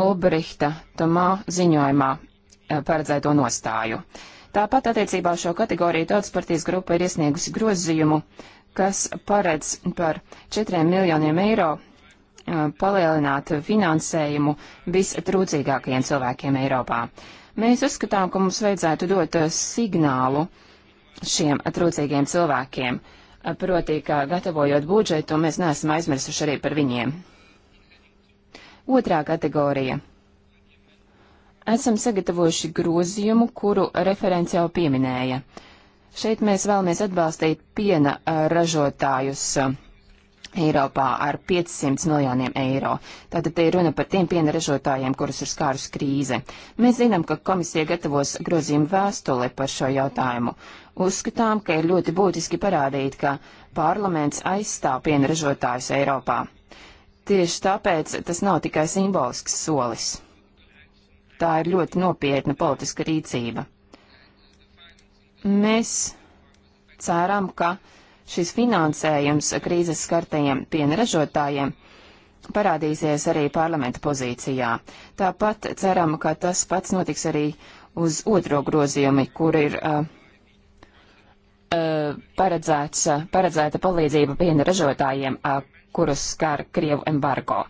Olbrihta Tomā ziņojumā paredzēto nostāju. Tāpat attiecībā uz šo kategoriju tautas partijas grupa ir iesniegusi grozījumu, kas paredz par 4 miljoniem eiro Uh, palielināt finansējumu vistrūcīgākajiem cilvēkiem Eiropā. Mēs uzskatām, ka mums vajadzētu dot uh, signālu šiem trūcīgiem cilvēkiem, uh, proti, ka gatavojot budžetu, mēs neesam aizmirsuši arī par viņiem. Otrā kategorija. Esam sagatavojuši grozījumu, kuru referents jau pieminēja. Šeit mēs vēlamies atbalstīt piena ražotājus Eiropā ar 500 miljoniem eiro. Tātad te ir runa par tiem piena ražotājiem, kurus ir skārus krīze. Mēs zinām, ka komisija gatavos grozījumu vēstuli par šo jautājumu. Uzskatām, ka ir ļoti būtiski parādīt, ka parlaments aizstāv piena ražotājus Eiropā. Tieši tāpēc tas nav tikai simbolisks solis. Tā ir ļoti nopietna politiska rīcība. Mēs ceram, ka šis finansējums krīzes skartajiem piena ražotājiem parādīsies arī parlamenta pozīcijā. Tāpat ceram, ka tas pats notiks arī uz otro grozījumi, kur ir uh, uh, paredzēts, uh, paredzēta palīdzība piena ražotājiem, uh, kurus skar Krievu embargo.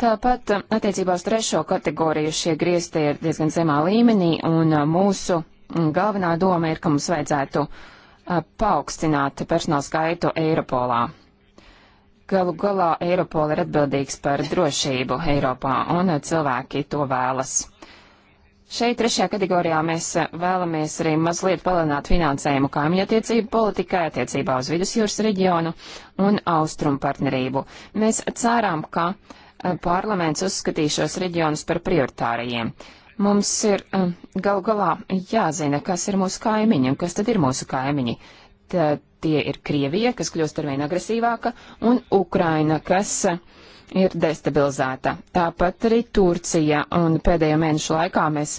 Tāpat uh, attiecībā uz trešo kategoriju šie griezti ir diezgan zemā līmenī, un uh, mūsu mm, galvenā doma ir, ka mums vajadzētu uh, paaugstināt personāla skaitu Eiropolā. Galu galā Eiropola ir atbildīgs par drošību Eiropā, un cilvēki to vēlas. Šeit trešajā kategorijā mēs vēlamies arī mazliet palielināt finansējumu kaimiņattiecību politikai attiecībā uz vidusjūras reģionu un austrumu partnerību. Mēs cerām, ka parlaments uzskatīs šos reģionus par prioritārajiem. Mums ir eh, galu galā jāzina, kas ir mūsu kaimiņi un kas tad ir mūsu kaimiņi. Tad tie ir Krievija, kas kļūst arvien agresīvāka, un Ukraina, kas eh, ir destabilizēta. Tāpat arī Turcija, un pēdējo mēnešu laikā mēs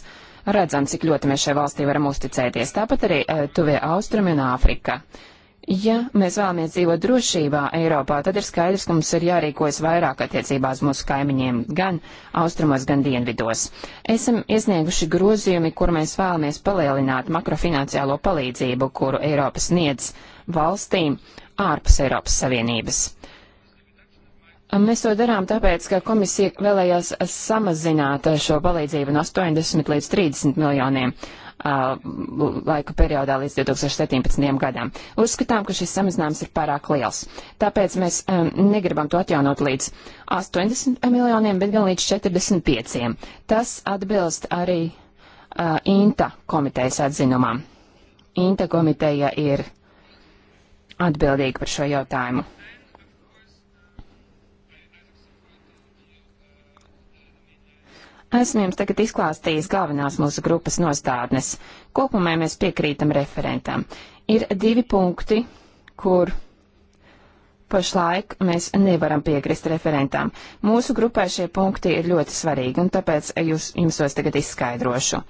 redzam, cik ļoti mēs šai valstī varam uzticēties. Tāpat arī eh, tuvie austrumi un Āfrika. Uh, Ja mēs vēlamies dzīvot drošībā Eiropā, tad ir skaidrs, ka mums ir jārīkojas vairāk attiecībās mūsu kaimiņiem, gan austrumos, gan dienvidos. Esam iesnieguši grozījumi, kur mēs vēlamies palielināt makrofinanciālo palīdzību, kuru Eiropa sniedz valstīm ārpus Eiropas Savienības. Mēs to darām tāpēc, ka komisija vēlējās samazināt šo palīdzību no 80 līdz 30 miljoniem laika periodā līdz 2017. gadam. Uzskatām, ka šis samazinājums ir pārāk liels. Tāpēc mēs um, negribam to atjaunot līdz 80 miljoniem, bet gan līdz 45. Tas atbilst arī uh, INTA komitejas atzinumam. INTA komiteja ir atbildīga par šo jautājumu. Esmu jums tagad izklāstījis galvenās mūsu grupas nostādnes. Kopumā mēs piekrītam referentam. Ir divi punkti, kur pašlaik mēs nevaram piekrist referentam. Mūsu grupai šie punkti ir ļoti svarīgi, un tāpēc jūs, jums tos tagad izskaidrošu.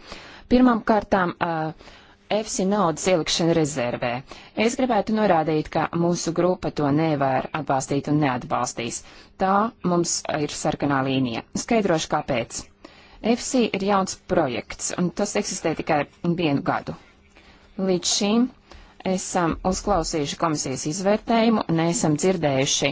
Pirmām kārtām. Uh, EFSI naudas ielikšana rezervē. Es gribētu norādīt, ka mūsu grupa to nevar atbalstīt un neatbalstīs. Tā mums ir sarkanā līnija. Skaidrošu kāpēc. FC ir jauns projekts, un tas eksistē tikai vienu gadu. Līdz šim esam uzklausījuši komisijas izvērtējumu, neesam dzirdējuši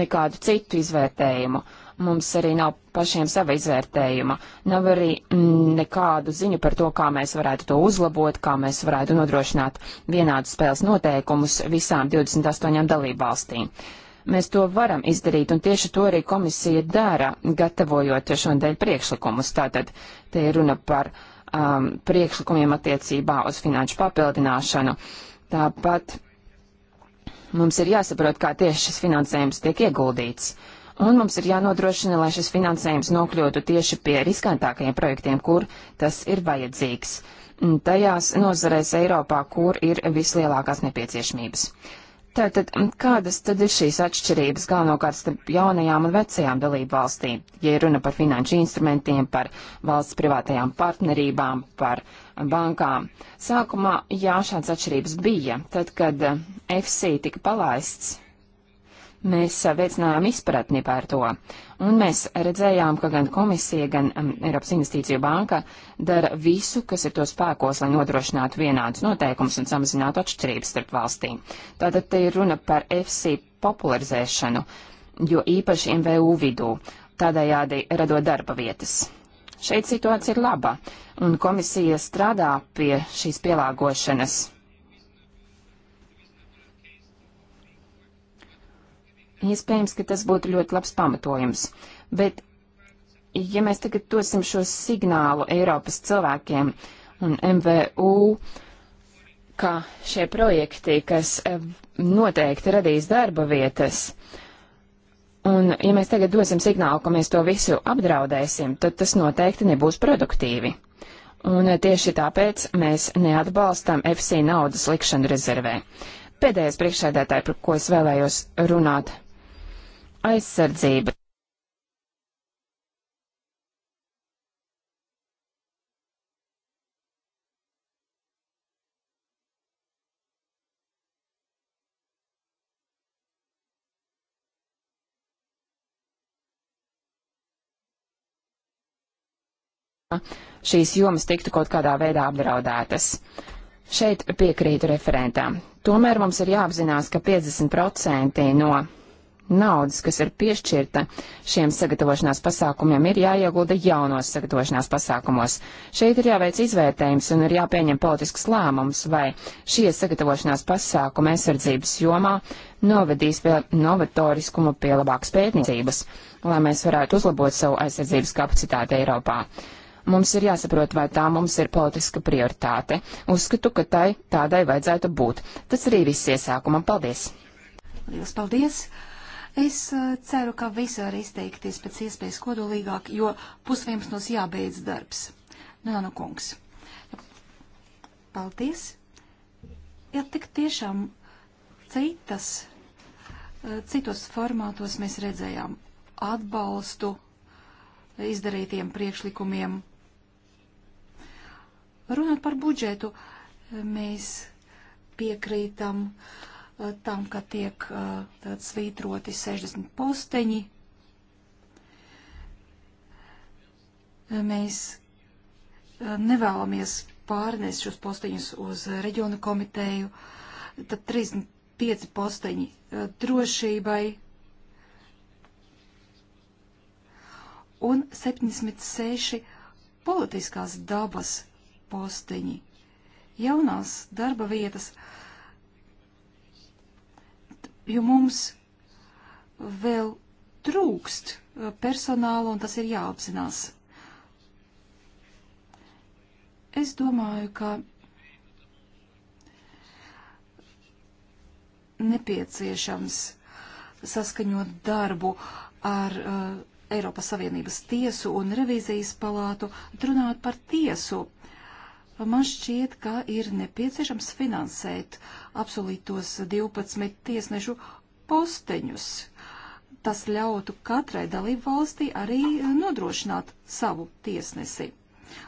nekādu citu izvērtējumu. Mums arī nav pašiem sava izvērtējuma, nav arī mm, nekādu ziņu par to, kā mēs varētu to uzlabot, kā mēs varētu nodrošināt vienādu spēles noteikumus visām 28 dalībvalstīm. valstīm. Mēs to varam izdarīt, un tieši to arī komisija dara, gatavojot šodien priekšlikumus. Tātad te ir runa par um, priekšlikumiem attiecībā uz finanšu papildināšanu. Tāpat mums ir jāsaprot, kā tieši šis finansējums tiek ieguldīts. Un mums ir jānodrošina, lai šis finansējums nokļūtu tieši pie riskantākajiem projektiem, kur tas ir vajadzīgs tajās nozarēs Eiropā, kur ir vislielākās nepieciešamības. Tātad, kādas tad ir šīs atšķirības galvenokārt starp jaunajām un vecajām dalību valstīm, ja runa par finanšu instrumentiem, par valsts privātajām partnerībām, par bankām? Sākumā, jā, šāds atšķirības bija, tad, kad eh, FC tika palaists mēs veicinājām izpratni par to. Un mēs redzējām, ka gan komisija, gan um, Eiropas investīciju banka dara visu, kas ir to spēkos, lai nodrošinātu vienādus noteikumus un samazinātu atšķirības starp valstīm. Tātad te ir runa par FC popularizēšanu, jo īpaši MVU vidū, tādējādi radot darba vietas. Šeit situācija ir laba, un komisija strādā pie šīs pielāgošanas Iespējams, ka tas būtu ļoti labs pamatojums, bet ja mēs tagad dosim šo signālu Eiropas cilvēkiem un MVU, ka šie projekti, kas eh, noteikti radīs darba vietas, un ja mēs tagad dosim signālu, ka mēs to visu apdraudēsim, tad tas noteikti nebūs produktīvi. Un eh, tieši tāpēc mēs neatbalstam FC naudas likšanu rezervē. Pēdējais priekšsēdētāji, par ko es vēlējos runāt, aizsardzība. šīs jomas tiktu kaut kādā veidā apdraudētas. Šeit piekrītu referentām. Tomēr mums ir jāapzinās, ka 50% no naudas, kas ir piešķirta šiem sagatavošanās pasākumiem, ir jāiegulda jaunos sagatavošanās pasākumos. Šeit ir jāveic izvērtējums un ir jāpieņem politisks lēmums, vai šie sagatavošanās pasākumi aizsardzības jomā novedīs pie novatoriskumu pie labākas pētniecības, lai mēs varētu uzlabot savu aizsardzības kapacitāti Eiropā. Mums ir jāsaprot, vai tā mums ir politiska prioritāte. Uzskatu, ka tai tādai vajadzētu būt. Tas arī viss iesākumam. Paldies! Lielas paldies! Uh, Es uh, ceru, ka visi var izteikties pēc iespējas kodolīgāk, jo pusviens nos jābeidz darbs. Nu, nu, kungs. Paldies. Ja tik tiešām citas, uh, citos formātos mēs redzējām atbalstu izdarītiem priekšlikumiem. Runāt par budžetu, mēs piekrītam uh, tam, ka tiek tad, svītroti 60 posteņi. Mēs nevēlamies pārnest šos posteņus uz reģionu komiteju, tad 35 posteņi drošībai un 76 politiskās dabas posteņi. Jaunās darba vietas jo mums vēl trūkst uh, personāla, un tas ir jāapzinās. Es domāju, ka nepieciešams saskaņot darbu ar uh, Eiropas Savienības tiesu un revīzijas palātu, runāt par tiesu Man šķiet, ka ir nepieciešams finansēt apsolītos 12 tiesnešu posteņus. Tas ļautu katrai dalību valstī arī nodrošināt savu tiesnesi.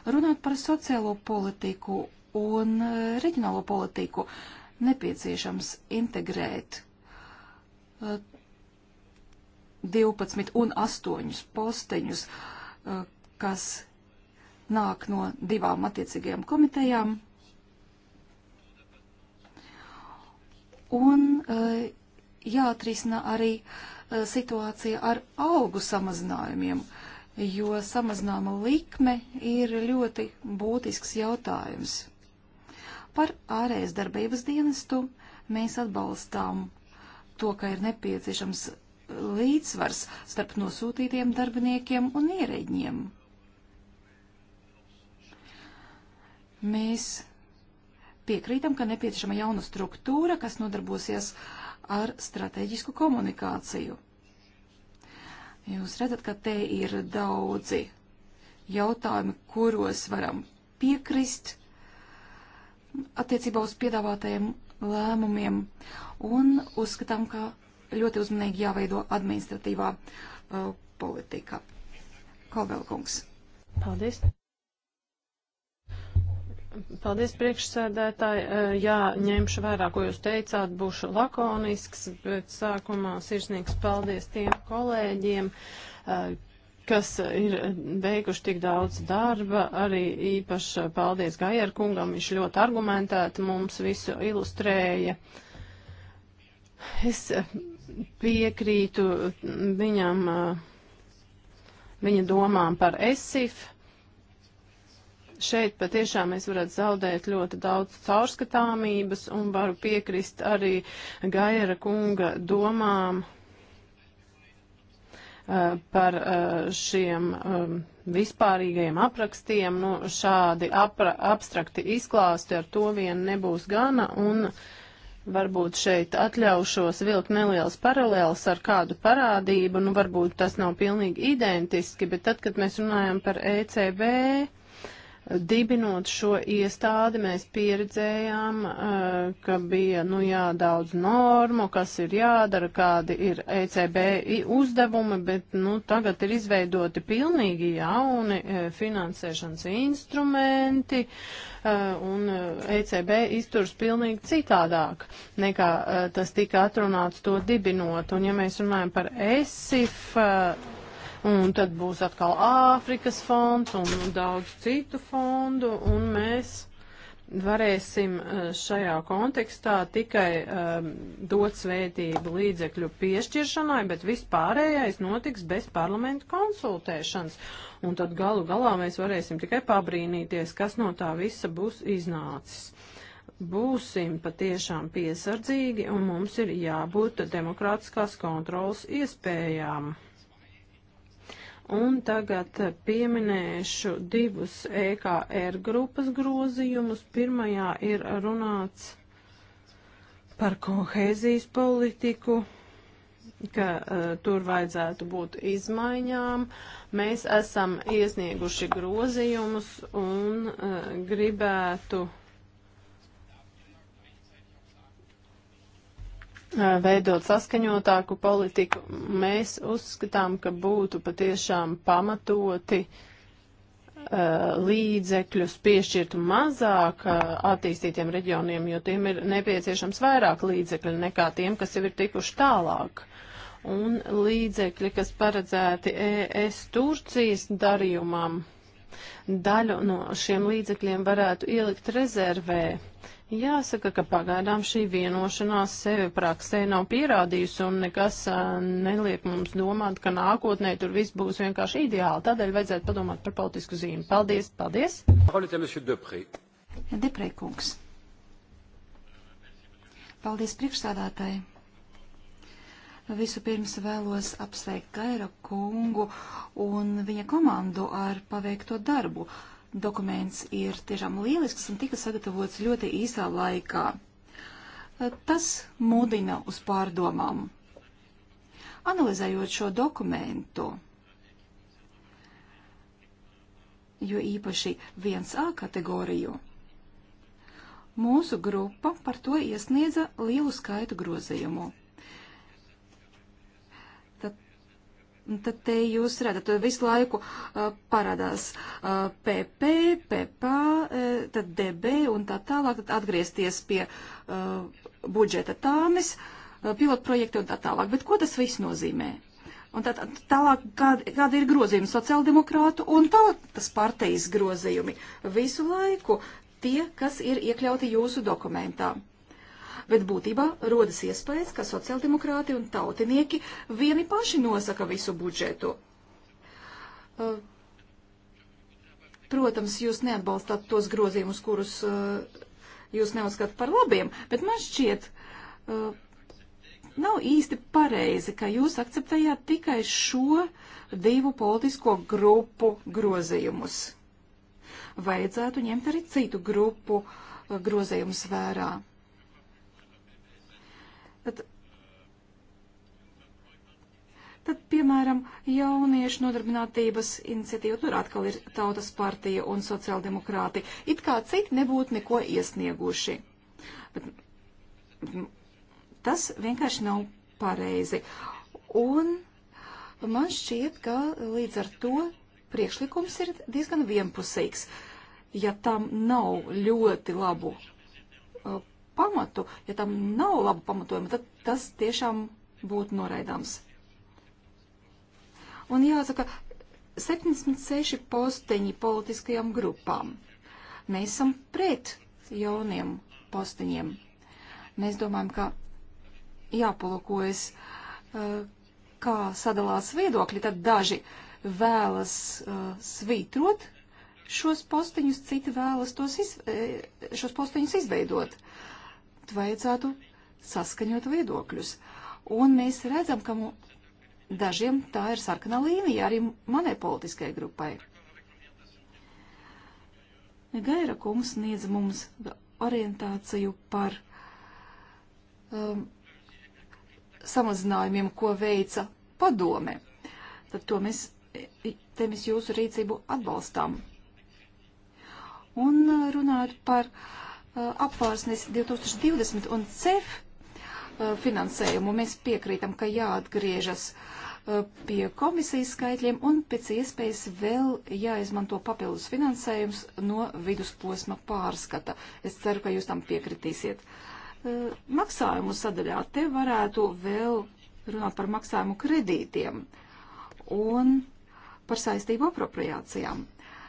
Runāt par sociālo politiku un e, reģionālo politiku nepieciešams integrēt 12 e, un 8 posteņus, e, kas nāk no divām attiecīgajām komitejām. Un eh, jāatrisina arī eh, situācija ar augu samazinājumiem, jo samazināma likme ir ļoti būtisks jautājums. Par ārējas darbības dienestu mēs atbalstām to, ka ir nepieciešams eh, līdzsvars starp nosūtītiem darbiniekiem un ierēģiem. Mēs piekrītam, ka nepieciešama jauna struktūra, kas nodarbosies ar strateģisku komunikāciju. Jūs redzat, ka te ir daudzi jautājumi, kuros varam piekrist attiecībā uz piedāvātajiem lēmumiem un uzskatām, ka ļoti uzmanīgi jāveido administratīvā uh, politika. Kalvēlkungs. Paldies. Paldies, priekšsēdētāji. Eh, jā, ņemšu vērā, ko jūs teicāt, būšu lakonisks, bet sākumā sirsnīgs paldies tiem kolēģiem, eh, kas ir veikuši tik daudz darba. Arī īpaši paldies Gajer kungam, viņš ļoti argumentēti mums visu ilustrēja. Es eh, piekrītu viņam, viņa domām par ESIF Šeit patiešām mēs varētu zaudēt ļoti daudz caurskatāmības un varu piekrist arī Gaira kunga domām uh, par uh, šiem um, vispārīgajiem aprakstiem. Nu, šādi apra, abstrakti izklāsti ar to vien nebūs gana, un varbūt šeit atļaušos vilkt nelielas paralēlas ar kādu parādību. Nu, varbūt tas nav pilnīgi identiski, bet tad, kad mēs runājam par ECB, Dibinot šo iestādi, mēs pieredzējām, eh, ka bija nu, jā, daudz normu, kas ir jādara, kādi ir ECB uzdevumi, bet nu, tagad ir izveidoti pilnīgi jauni eh, finansēšanas instrumenti, eh, un ECB e izturs pilnīgi citādāk nekā tas tika atrunāts to dibinot. Un, ja mēs runājam par ESIF, un tad būs atkal Āfrikas fonds un daudz citu fondu, un mēs varēsim eh, šajā kontekstā tikai um, dot svētību līdzekļu piešķiršanai, bet vispārējais notiks bez parlamentu konsultēšanas. Un tad galu galā mēs varēsim tikai pabrīnīties, kas no tā visa būs iznācis. Būsim patiešām piesardzīgi un mums ir jābūt demokrātiskās kontrolas iespējām. Un tagad pieminēšu divus EKR grupas grozījumus. Pirmajā ir runāts par kohēzijas politiku, ka uh, tur vajadzētu būt izmaiņām. Mēs esam iesnieguši grozījumus un uh, gribētu uh, veidot saskaņotāku politiku, mēs uzskatām, ka būtu patiešām pamatoti līdzekļus piešķirt mazāk attīstītiem reģioniem, jo tiem ir nepieciešams vairāk līdzekļu nekā tiem, kas jau ir tikuši tālāk. Un līdzekļi, kas paredzēti ES Turcijas darījumam, daļu no šiem līdzekļiem varētu ielikt rezervē Jāsaka, ka pagaidām šī vienošanās sevi praksē nav pierādījusi un nekas neliek mums domāt, ka nākotnē tur viss būs vienkārši ideāli. Tādēļ vajadzētu padomāt par politisku zīmi. Paldies, paldies. Deprē kungs. Paldies priekšstādātāji. Vispirms vēlos apsveikt Kaira kungu un viņa komandu ar paveikto darbu. Uh, dokuments ir tiešām lielisks un tika sagatavots ļoti īsā laikā. Tas mudina uz pārdomām. Analizējot šo dokumentu, jo īpaši 1A kategoriju, mūsu grupa par to iesniedza lielu skaitu grozījumu. Tad te jūs redzat, visu laiku uh, parādās uh, PP, PP, uh, tad DB un tā tālāk, tad atgriezties pie budžeta tāmes, pilotprojekti un tā tālāk. Bet ko tas viss nozīmē? Un tad tā, tālāk, kāda, kāda ir grozījuma sociāldemokrātu un tautas partijas grozījumi visu laiku tie, kas ir iekļauti jūsu dokumentā. Bet būtībā rodas iespējas, ka sociāldemokrāti un tautinieki vieni paši nosaka visu budžetu. Uh, protams, jūs neatbalstāt tos grozījumus, kurus uh, jūs neuzskatāt par labiem, bet man šķiet, uh, nav īsti pareizi, ka jūs akceptējāt tikai šo divu politisko grupu grozījumus. Vajadzētu ņemt arī citu grupu grozījumus vērā. Tad, piemēram, jauniešu nodarbinātības iniciatīva, tur atkal ir Tautas partija un sociāldemokrāti. It kā citi nebūtu neko iesnieguši. Bet tas vienkārši nav pareizi. Un man šķiet, ka līdz ar to priekšlikums ir diezgan vienpusīgs. Ja tam nav ļoti labu uh, pamatu, ja tam nav labu pamatojumu, tad tas tiešām būtu noraidāms. Un jāsaka, 76 posteņi politiskajām grupām. Mēs esam pret jauniem posteņiem. Mēs domājam, ka jāpalūkojas, eh, kā sadalās viedokļi, tad daži vēlas eh, svītrot šos posteņus, citi vēlas tos iz, eh, šos posteņus izveidot. Vajadzētu saskaņot viedokļus. Un mēs redzam, ka Dažiem tā ir sarkanā līnija, arī manai politiskajai grupai. Gaira kungs sniedz mums orientāciju par um, samazinājumiem, ko veica padome. Tad to mēs, te mēs jūsu rīcību atbalstām. Un runājot par uh, apvārsnes 2020 un CEF uh, finansējumu, mēs piekrītam, ka jāatgriežas uh, Eh, pie komisijas skaitļiem un pēc iespējas vēl jāizmanto papildus finansējums no vidusposma pārskata. Es ceru, ka jūs tam piekritīsiet. Eh, maksājumu sadaļā te varētu vēl runāt par maksājumu kredītiem un par saistību apropriācijām.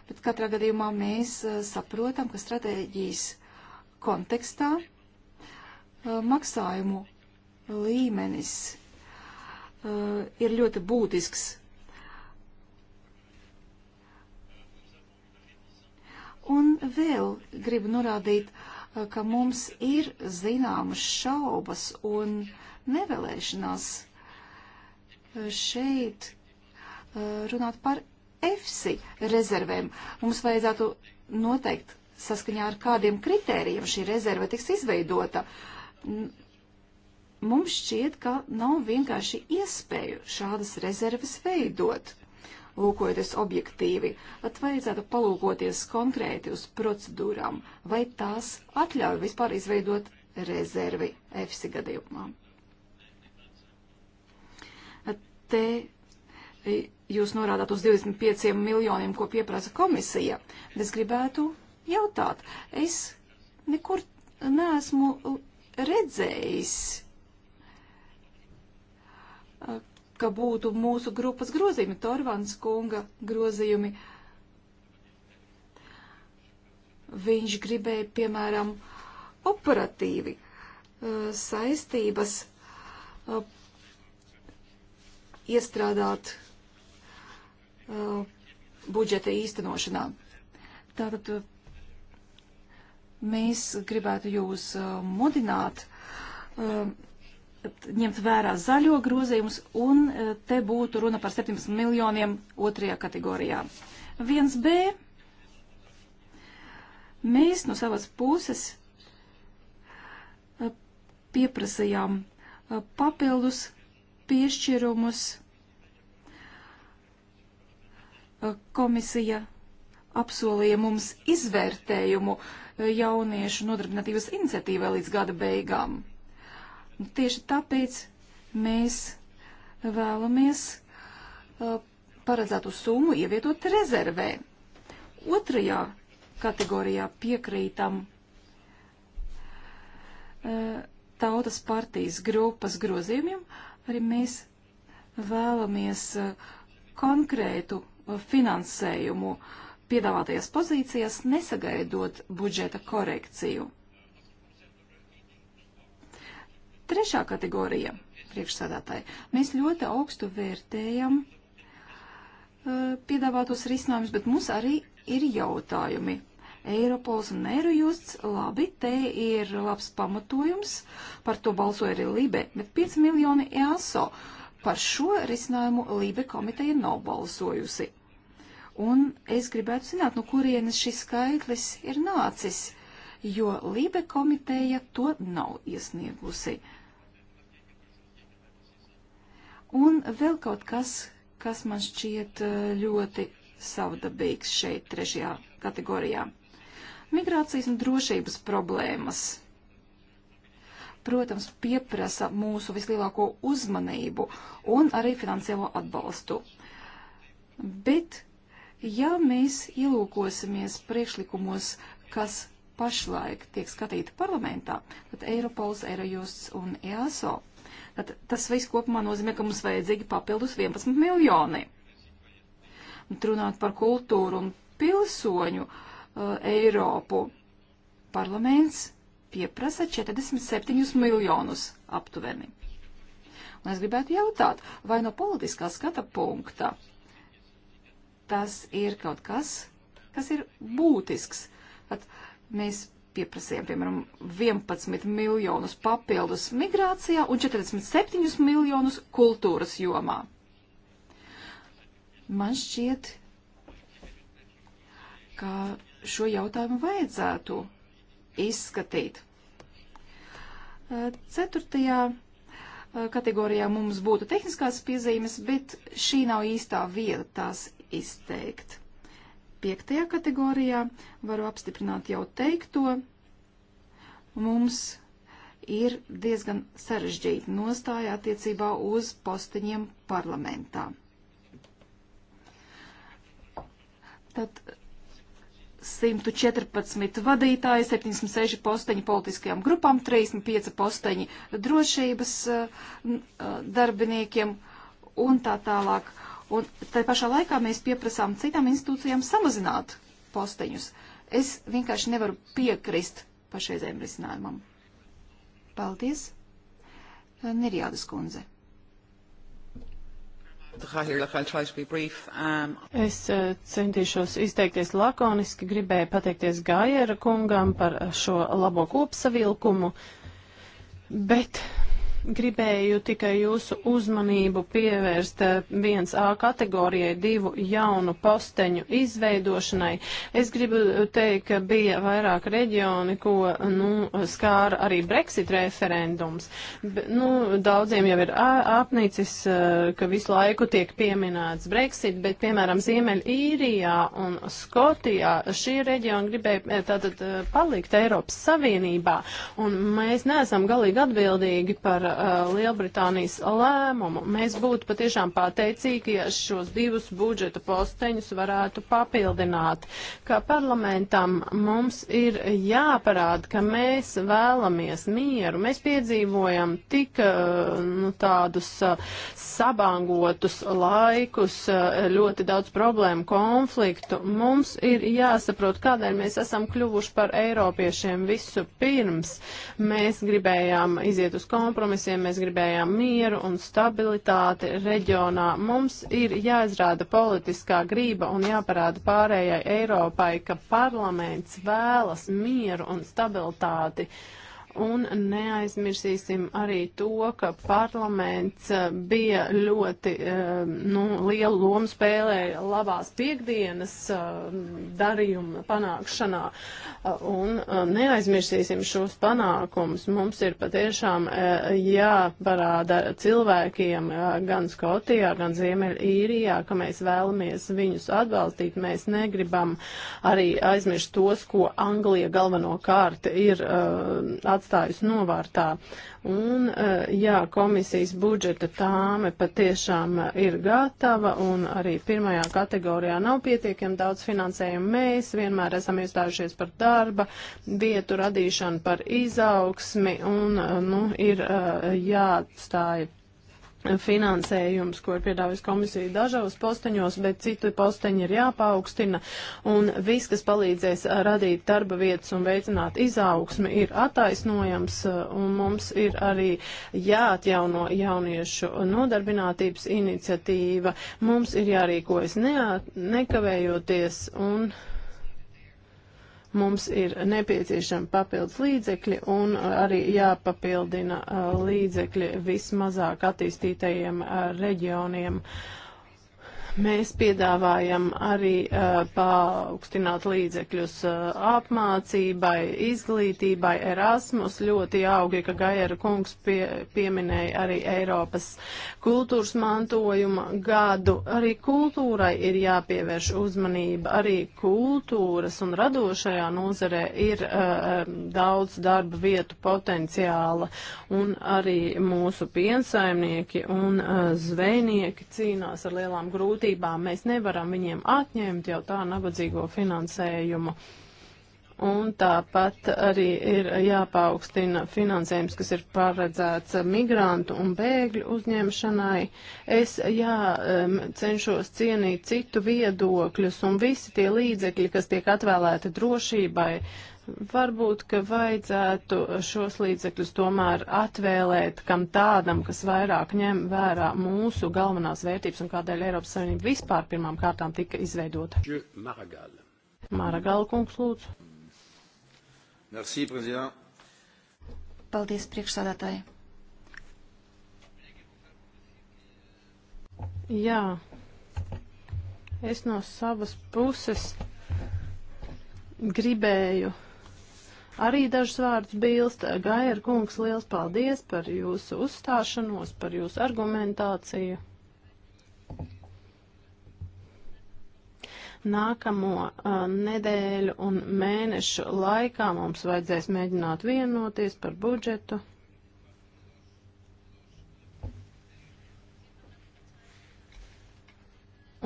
Bet katrā gadījumā mēs eh, saprotam, ka stratēģijas kontekstā maksājumu līmenis uh, ir ļoti būtisks. Un vēl gribu norādīt, uh, ka mums ir zināmas šaubas un nevēlēšanās uh, šeit uh, runāt par EFSI rezervēm. Mums vajadzētu noteikt, saskaņā ar kādiem kritērijiem šī rezerve tiks izveidota. Uh, Mums šķiet, ka nav vienkārši iespēju šādas rezerves veidot. Lūkojoties objektīvi, tad vajadzētu palūkoties konkrēti uz procedūrām, vai tās atļauj vispār izveidot rezervi EFSI gadījumā. Te e, jūs norādāt uz 25 miljoniem, ko pieprasa komisija. Es gribētu jautāt, es nekur neesmu redzējis ka būtu mūsu grupas grozījumi, Torvans kunga grozījumi. Viņš gribēja, piemēram, operatīvi uh, saistības uh, iestrādāt uh, budžeta īstenošanā. Tātad mēs gribētu jūs mudināt ņemt vērā zaļo grozījumus, un e, te būtu runa par 17 miljoniem otrajā kategorijā. 1B. Mēs no savas puses e, pieprasījām e, papildus piešķirumus. Komisija apsolīja mums izvērtējumu jauniešu nodarbinātības iniciatīvai līdz gada beigām Tieši tāpēc mēs vēlamies paredzētu summu ievietot rezervē. Otrajā kategorijā piekrītam tautas partijas grupas grozījumiem, arī mēs vēlamies konkrētu finansējumu piedāvātajās pozīcijās, nesagaidot budžeta korekciju. Trešā kategorija priekšsādātāji. Mēs ļoti augstu vērtējam uh, piedāvātos risinājumus, bet mums arī ir jautājumi. Eiropols un Eirojusts, labi, te ir labs pamatojums, par to balsoja arī Libe, bet 5 miljoni EASO par šo risinājumu Libe komiteja nav balsojusi. Un es gribētu zināt, no kurienes šis skaitlis ir nācis, jo Libe komiteja to nav iesniegusi. Uh, Un vēl kaut kas, kas man šķiet eh, ļoti savdabīgs šeit trešajā kategorijā. Migrācijas un drošības problēmas, protams, pieprasa mūsu vislielāko uzmanību un arī finansiālo atbalstu. Bet, ja mēs ielūkosimies priekšlikumos, kas pašlaik tiek skatīti parlamentā, tad Eiropols, Eirojusts un EASO – Tad tas viss kopumā nozīmē, ka mums vajadzīgi papildus 11 miljoni. Runāt par kultūru un pilsoņu uh, Eiropu. Parlaments pieprasa 47 miljonus aptuveni. Un es gribētu jautāt, vai no politiskā skata punkta tas ir kaut kas, kas ir būtisks. Tad mēs pieprasījām, piemēram, 11 miljonus papildus migrācijā un 47 miljonus kultūras jomā. Man šķiet, ka šo jautājumu vajadzētu izskatīt. Ceturtajā eh, kategorijā mums būtu tehniskās piezīmes, bet šī nav īstā vieta tās izteikt piektajā kategorijā varu apstiprināt jau teikto. Mums ir diezgan sarežģīta nostāja attiecībā uz postiņiem parlamentā. Tad 114 vadītāji, 76 posteņi politiskajām grupām, 35 posteņi drošības eh, eh, darbiniekiem un tā tālāk. Un tai pašā laikā mēs pieprasām citām institūcijām samazināt posteņus. Es vienkārši nevaru piekrist pašreizējiem risinājumam. Paldies. Nirjādas kundze. Es eh, centīšos izteikties lakoniski, gribēju pateikties Gājera kungam par šo labo kopsavilkumu, bet Gribēju tikai jūsu uzmanību pievērst 1A eh, kategorijai divu jaunu posteņu izveidošanai. Es gribu teikt, ka bija vairāk reģioni, ko nu, skāra arī Brexit referendums. B, nu, daudziem jau ir apnicis, eh, ka visu laiku tiek pieminēts Brexit, bet piemēram Ziemeļīrijā un Skotijā šie reģioni gribēja eh, tātad palikt Eiropas Savienībā. Un mēs neesam galīgi atbildīgi par Uh, Lielbritānijas lēmumu. Mēs būtu patiešām pateicīgi, ja šos divus budžeta posteņus varētu papildināt. Kā parlamentam mums ir jāparāda, ka mēs vēlamies mieru. Mēs piedzīvojam tik uh, nu, tādus uh, sabangotus laikus, ļoti daudz problēmu, konfliktu. Mums ir jāsaprot, kādēļ mēs esam kļuvuši par Eiropiešiem visu pirms. Mēs gribējām iziet uz kompromisu mēnesiem mēs gribējām mieru un stabilitāti reģionā. Mums ir jāizrāda politiskā grība un jāparāda pārējai Eiropai, ka parlaments vēlas mieru un stabilitāti. Uh, Un neaizmirsīsim arī to, ka parlaments eh, bija ļoti eh, nu, lielu lomu spēlēja labās piekdienas eh, darījuma panākšanā. Un neaizmirsīsim šos panākumus. Mums ir patiešām jāparāda cilvēkiem gan Skotijā, gan Ziemeļīrijā, ka mēs vēlamies viņus atbalstīt. Mēs negribam arī aizmirst tos, ko Anglija galvenokārt ir atbalstīt atstājusi novārtā. Un, eh, jā, komisijas budžeta tāme patiešām eh, ir gatava un arī pirmajā kategorijā nav pietiekami daudz finansējumu. Mēs vienmēr esam iestājušies par darba vietu radīšanu, par izaugsmi un, eh, nu, ir jāatstāja finansējums, ko ir piedāvājis komisija dažos posteņos, bet citu posteņi ir jāpaukstina, un viss, kas palīdzēs radīt darba vietas un veicināt izaugsmi, ir attaisnojams, un mums ir arī jāatjauno jauniešu nodarbinātības iniciatīva, mums ir jārīkojas neat, nekavējoties, un Mums ir nepieciešami papildus līdzekļi un uh, arī jāpapildina uh, līdzekļi vismazāk attīstītajiem uh, reģioniem. Uh, Mēs piedāvājam arī uh, paaugstināt līdzekļus uh, apmācībai, izglītībai, Erasmus. Ļoti augi, ka Gajara kungs pie, pieminēja arī Eiropas kultūras mantojuma gadu. Arī kultūrai ir jāpievērš uzmanība. Arī kultūras un radošajā nozarē ir uh, daudz darba vietu potenciāla. Un arī mūsu piensaimnieki un uh, zvejnieki cīnās ar lielām grūtībām grūtībām. Mēs nevaram viņiem atņemt jau tā nabadzīgo finansējumu. Un tāpat arī ir jāpaukstina finansējums, kas ir paredzēts migrantu un bēgļu uzņemšanai. Es jā, cenšos cienīt citu viedokļus un visi tie līdzekļi, kas tiek atvēlēti drošībai, uh, Varbūt, ka vajadzētu šos līdzekļus tomēr atvēlēt kam tādam, kas vairāk ņem vērā mūsu galvenās vērtības un kādēļ Eiropas Savienība vispār pirmām kārtām tika izveidota. Maragal kungs lūdzu. Merci, prezident. Paldies, priekšsādātāji. Jā, es no savas puses gribēju arī dažus vārdus bilst. Gaira kungs, liels paldies par jūsu uzstāšanos, par jūsu argumentāciju. Nākamo uh, nedēļu un mēnešu laikā mums vajadzēs mēģināt vienoties par budžetu.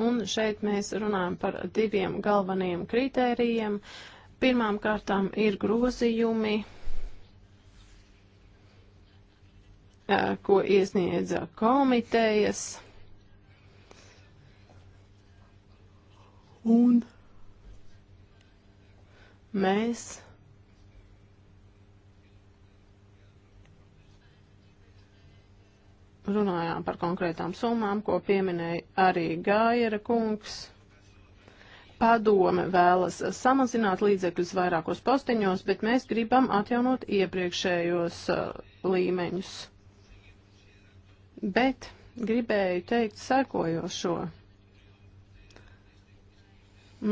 Un šeit mēs runājam par diviem galvenajiem kritērijiem. Uh, Pirmām kārtām ir grozījumi, ko iesniedza komitejas. Un mēs runājām par konkrētām summām, ko pieminēja arī Gājera kungs. Padome vēlas samazināt līdzekļus vairākos postiņos, bet mēs gribam atjaunot iepriekšējos uh, līmeņus. Bet gribēju teikt sekojošo.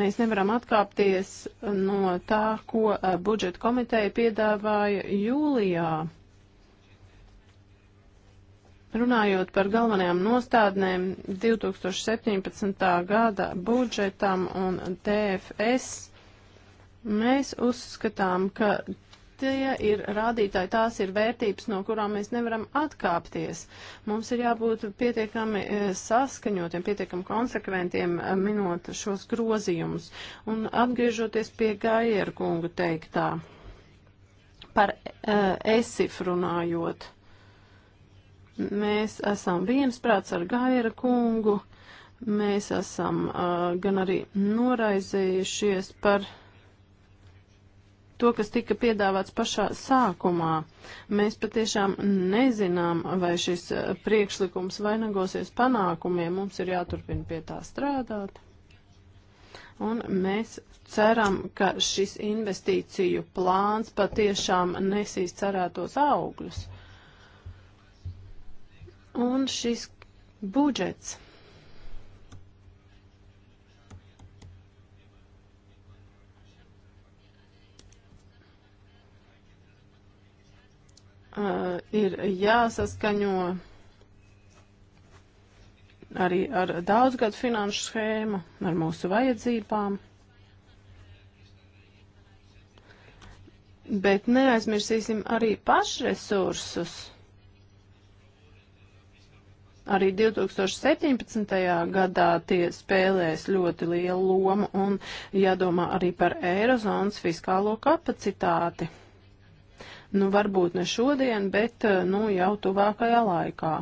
Mēs nevaram atkāpties no tā, ko uh, budžeta komiteja piedāvāja jūlijā. Runājot par galvenajām nostādnēm 2017. gada budžetam un DFS, mēs uzskatām, ka tie ir rādītāji, tās ir vērtības, no kurām mēs nevaram atkāpties. Mums ir jābūt pietiekami e, saskaņotiem, pietiekami konsekventiem e, minot šos grozījumus. Un atgriežoties pie Gaieru kungu teiktā par uh, e, esif runājot. Mēs esam viensprāts ar Gaira kungu, mēs esam uh, gan arī noraizējušies par to, kas tika piedāvāts pašā sākumā. Mēs patiešām nezinām, vai šis uh, priekšlikums vainagosies panākumiem. Mums ir jāturpina pie tā strādāt. Un mēs ceram, ka šis investīciju plāns patiešām nesīs cerētos augļus. Un šis budžets. Uh, ir jāsaskaņo arī ar daudzgadu finanšu schēmu, ar mūsu vajadzībām. Bet neaizmirsīsim arī pašresursus. Arī 2017. gadā tie spēlēs ļoti lielu lomu un jādomā arī par Eirozonas fiskālo kapacitāti. Nu, varbūt ne šodien, bet nu, jau tuvākajā laikā.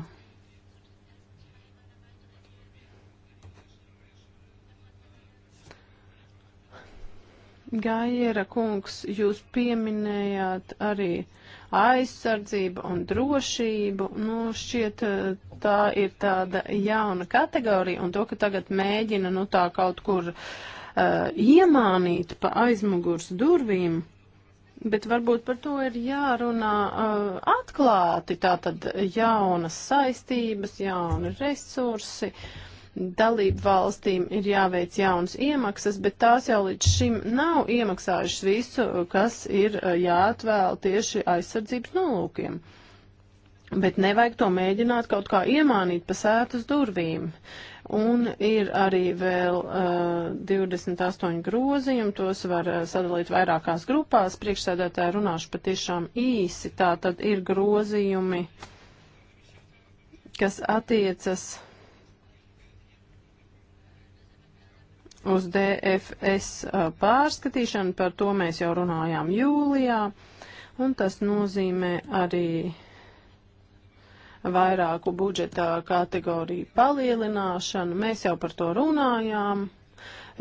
Gaiera kungs, jūs pieminējāt arī uh, aizsardzība un drošība, nu, šķiet, eh, tā ir tāda jauna kategorija, un to, ka tagad mēģina, nu, tā kaut kur uh, iemānīt pa aizmugurs durvīm, Bet varbūt par to ir jārunā uh, atklāti, tātad jaunas saistības, jauni resursi. Uh, Dalību valstīm ir jāveic jaunas iemaksas, bet tās jau līdz šim nav iemaksājušas visu, kas ir eh, jāatvēl tieši aizsardzības nolūkiem. Bet nevajag to mēģināt kaut kā iemānīt pa sētas durvīm. Un ir arī vēl uh, eh, 28 grozījumi, tos var uh, sadalīt vairākās grupās. Priekšsēdētāji runāšu patiešām īsi, tā tad ir grozījumi, kas attiecas. Uh, uz DFS pārskatīšanu, par to mēs jau runājām jūlijā, un tas nozīmē arī vairāku budžeta kategoriju palielināšanu. Mēs jau par to runājām.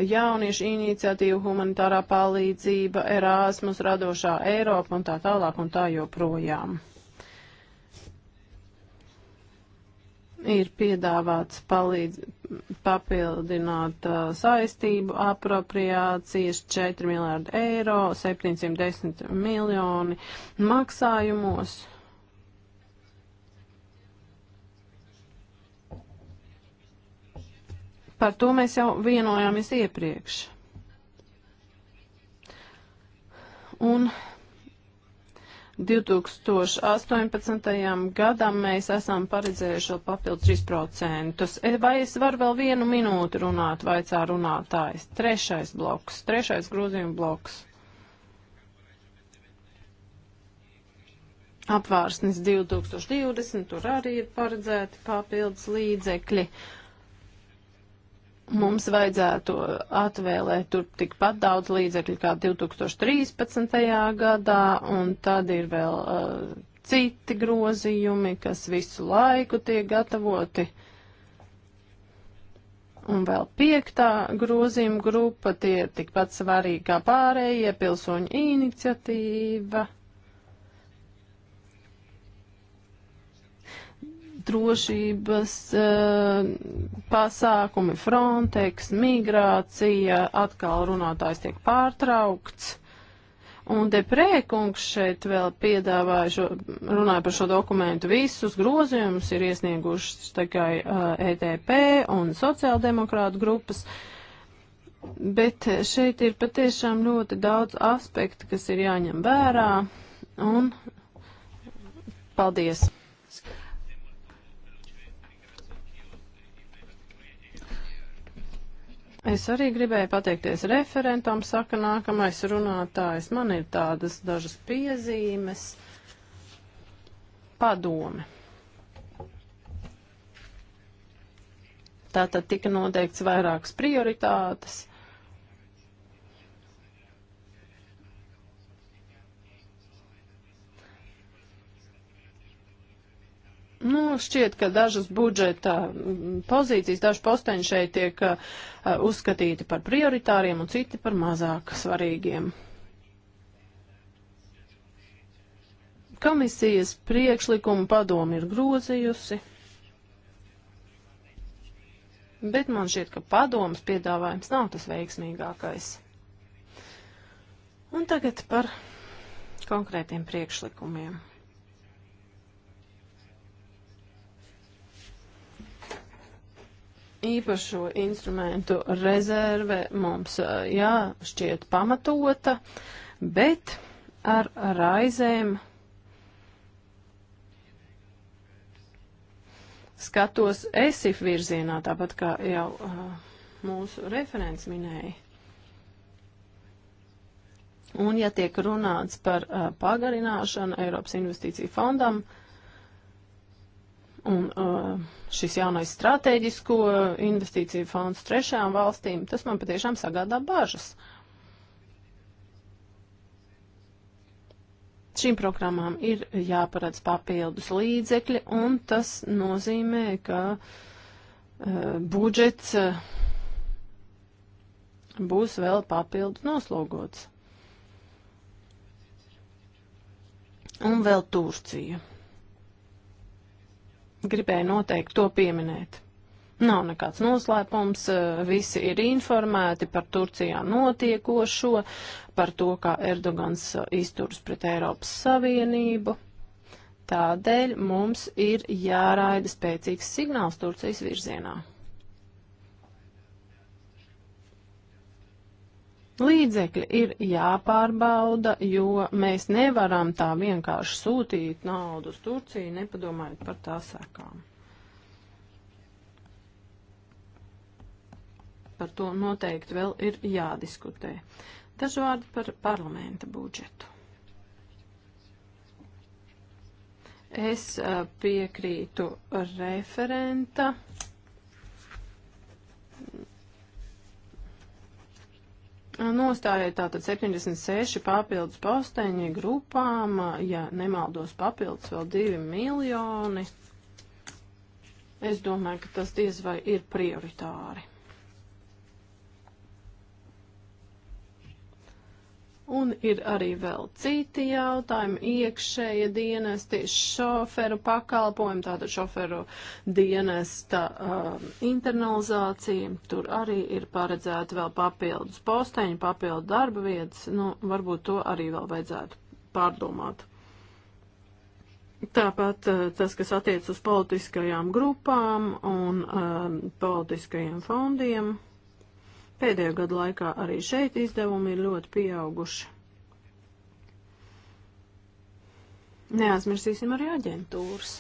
Jauniešu iniciatīva, humanitārā palīdzība, Erasmus, radošā Eiropa un tā tālāk un tā joprojām. Ir piedāvāts palīdz, papildināt uh, saistību apropriācijas 4 miljārdi eiro, 710 miljoni maksājumos. Par to mēs jau vienojāmies iepriekš. Un 2018. gadam mēs esam paredzējuši vēl papildus 3%. E, vai es varu vēl vienu minūti runāt, vaicā runātājs? Trešais bloks, trešais grūzījuma bloks. Apvārsnis 2020, tur arī ir paredzēti papildus līdzekļi. Uh, mums vajadzētu atvēlēt tur tikpat daudz līdzekļu kā 2013. gadā, un tad ir vēl uh, citi grozījumi, kas visu laiku tiek gatavoti. Un vēl piektā grozījuma grupa tie ir tikpat svarīgi kā pārējie pilsoņu iniciatīva. drošības eh, pasākumi, Frontex, migrācija, atkal runātājs tiek pārtraukts. Un deprēkungs šeit vēl piedāvāja, šo, runāja par šo dokumentu, visus grozījumus ir iesniegušas tikai uh, eh, ETP un sociāldemokrātu grupas. Bet šeit ir patiešām ļoti daudz aspektu, kas ir jāņem vērā. Un paldies! Es arī gribēju pateikties referentam, saka nākamais runātājs. Man ir tādas dažas piezīmes, padome. Tātad tika noteikts vairākas prioritātes Nu, šķiet, ka dažas budžeta mm, pozīcijas, daži posteņi šeit tiek uh, uh, uzskatīti par prioritāriem un citi par mazāk svarīgiem. Komisijas priekšlikumu padomi ir grozījusi, bet man šķiet, ka padomas piedāvājums nav tas veiksmīgākais. Un tagad par konkrētiem priekšlikumiem. īpašo instrumentu rezerve mums jā, šķiet pamatota, bet ar raizēm skatos esif virzienā, tāpat kā jau mūsu referents minēja. Un, ja tiek runāts par pagarināšanu Eiropas investīciju fondam, uh, Un uh, šis jaunais strateģisko investīciju fonds trešām valstīm, tas man patiešām sagādā bažas. Šīm programmām ir jāparedz papildus līdzekļi, un tas nozīmē, ka uh, budžets uh, būs vēl papildus noslogots. Un vēl Turcija. Gribēju noteikti to pieminēt. Nav nekāds noslēpums, eh, visi ir informēti par Turcijā notiekošo, par to, kā Erdogans eh, izturs pret Eiropas Savienību. Tādēļ mums ir jāraida spēcīgs signāls Turcijas virzienā. līdzekļi ir jāpārbauda, jo mēs nevaram tā vienkārši sūtīt naudu uz Turciju, nepadomājot par tā sekām. Par to noteikti vēl ir jādiskutē. Dažu vārdu par parlamenta budžetu. Es piekrītu referenta nostājai tātad 76 papildus posteņi grupām, ja nemaldos papildus vēl 2 miljoni. Es domāju, ka tas diez vai ir prioritāri. Un ir arī vēl citi jautājumi - iekšēja dienesti, šoferu pakalpojumi, tātad šoferu dienesta um, internalizācija. Tur arī ir paredzēti vēl papildus posteņi, papildu darba vietas. Nu, varbūt to arī vēl vajadzētu pārdomāt. Tāpat uh, tas, kas attiec uz politiskajām grupām un um, politiskajiem fondiem. Pēdējo gadu laikā arī šeit izdevumi ir ļoti pieauguši. Neaizmirsīsim arī aģentūras.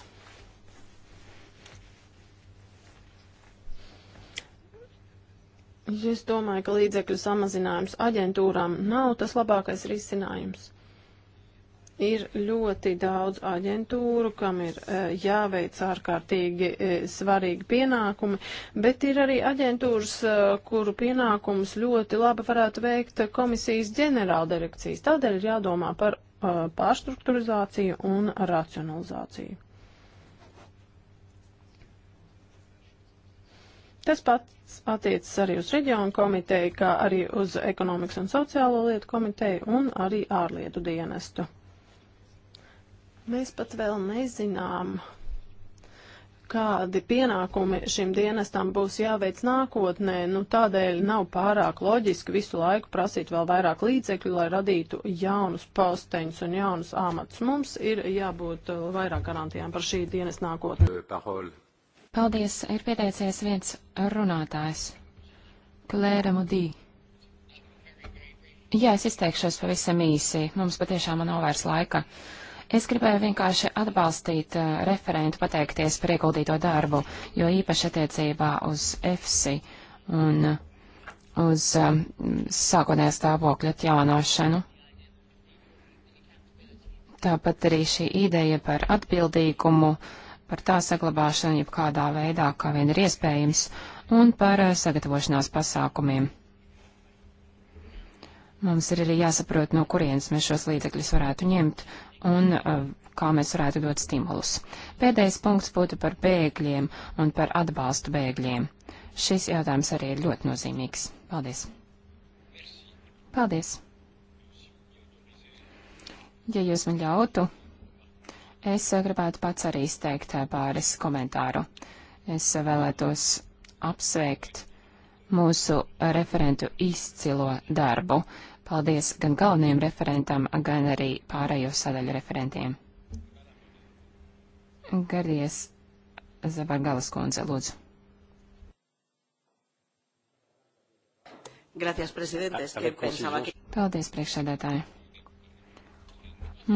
Es domāju, ka līdzekļu samazinājums aģentūrām nav tas labākais risinājums ir ļoti daudz aģentūru, kam ir e, jāveic ārkārtīgi e, svarīgi pienākumi, bet ir arī aģentūras, e, kuru pienākumus ļoti labi varētu veikt komisijas ģenerāldirekcijas. Tādēļ ir jādomā par pārstruktūrizāciju un racionalizāciju. Tas pats attiecas arī uz reģionu komiteju, kā arī uz ekonomikas un sociālo lietu komiteju un arī ārlietu dienestu. Mēs pat vēl nezinām, kādi pienākumi šim dienestam būs jāveic nākotnē, nu tādēļ nav pārāk loģiski visu laiku prasīt vēl vairāk līdzekļu, lai radītu jaunus posteņus un jaunus amatus. Mums ir jābūt uh, vairāk garantijām par šī dienas nākotni. Eh, Paldies, ir pieteicies viens runātājs. Klēra Mudī. Jā, es izteikšos pavisam īsi. Mums patiešām nav vairs laika. Uh, Es gribēju vienkārši atbalstīt uh, referentu, pateikties par ieguldīto darbu, jo īpaši attiecībā uz EFSI un uz um, sākotnējā stāvokļa atjaunošanu. Tāpat arī šī ideja par atbildīgumu, par tā saglabāšanu jebkādā veidā, kā vien ir iespējams, un par uh, sagatavošanās pasākumiem. Mums ir arī jāsaprot, no kurienes mēs šos līdzekļus varētu ņemt un uh, kā mēs varētu dot stimulus. Pēdējais punkts būtu par bēgļiem un par atbalstu bēgļiem. Šis jautājums arī ir ļoti nozīmīgs. Paldies! Paldies! Ja jūs man ļautu, es uh, gribētu pats arī izteikt uh, pāris komentāru. Es vēlētos apsveikt mūsu referentu izcilo darbu. Paldies gan galvenajam referentam, gan arī pārējo sadaļu referentiem. Gardies Zabargalas kundze, lūdzu. Gracias, presidente. Es que pensaba que... Paldies, priekšsēdētāji.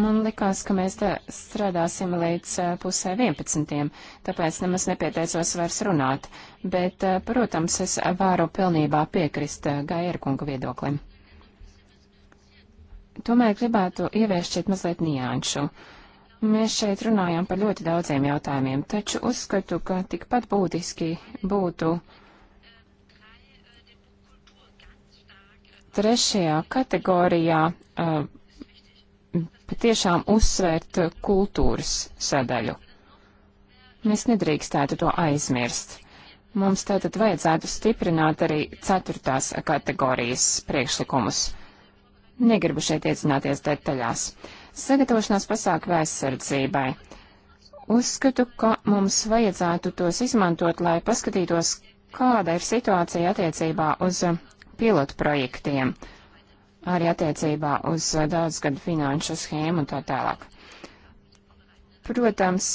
Man likās, ka mēs te strādāsim līdz eh, pusē 11, tāpēc nemaz nepieteicos vairs runāt, bet, eh, protams, es varu pilnībā piekrist eh, Gairkunga viedoklim tomēr gribētu ieviest šeit mazliet nianšu. Mēs šeit runājam par ļoti daudziem jautājumiem, taču uzskatu, ka tikpat būtiski būtu trešajā kategorijā uh, patiešām uzsvērt kultūras sadaļu. Mēs nedrīkstētu to aizmirst. Mums tātad vajadzētu stiprināt arī ceturtās kategorijas priekšlikumus. Negribu šeit iedzināties detaļās. Sagatavošanās pasākumu aizsardzībai. Uzskatu, ka mums vajadzētu tos izmantot, lai paskatītos, kāda ir situācija attiecībā uz pilotu projektiem, arī attiecībā uz daudzgadu finanšu schēmu un tā tālāk. Protams,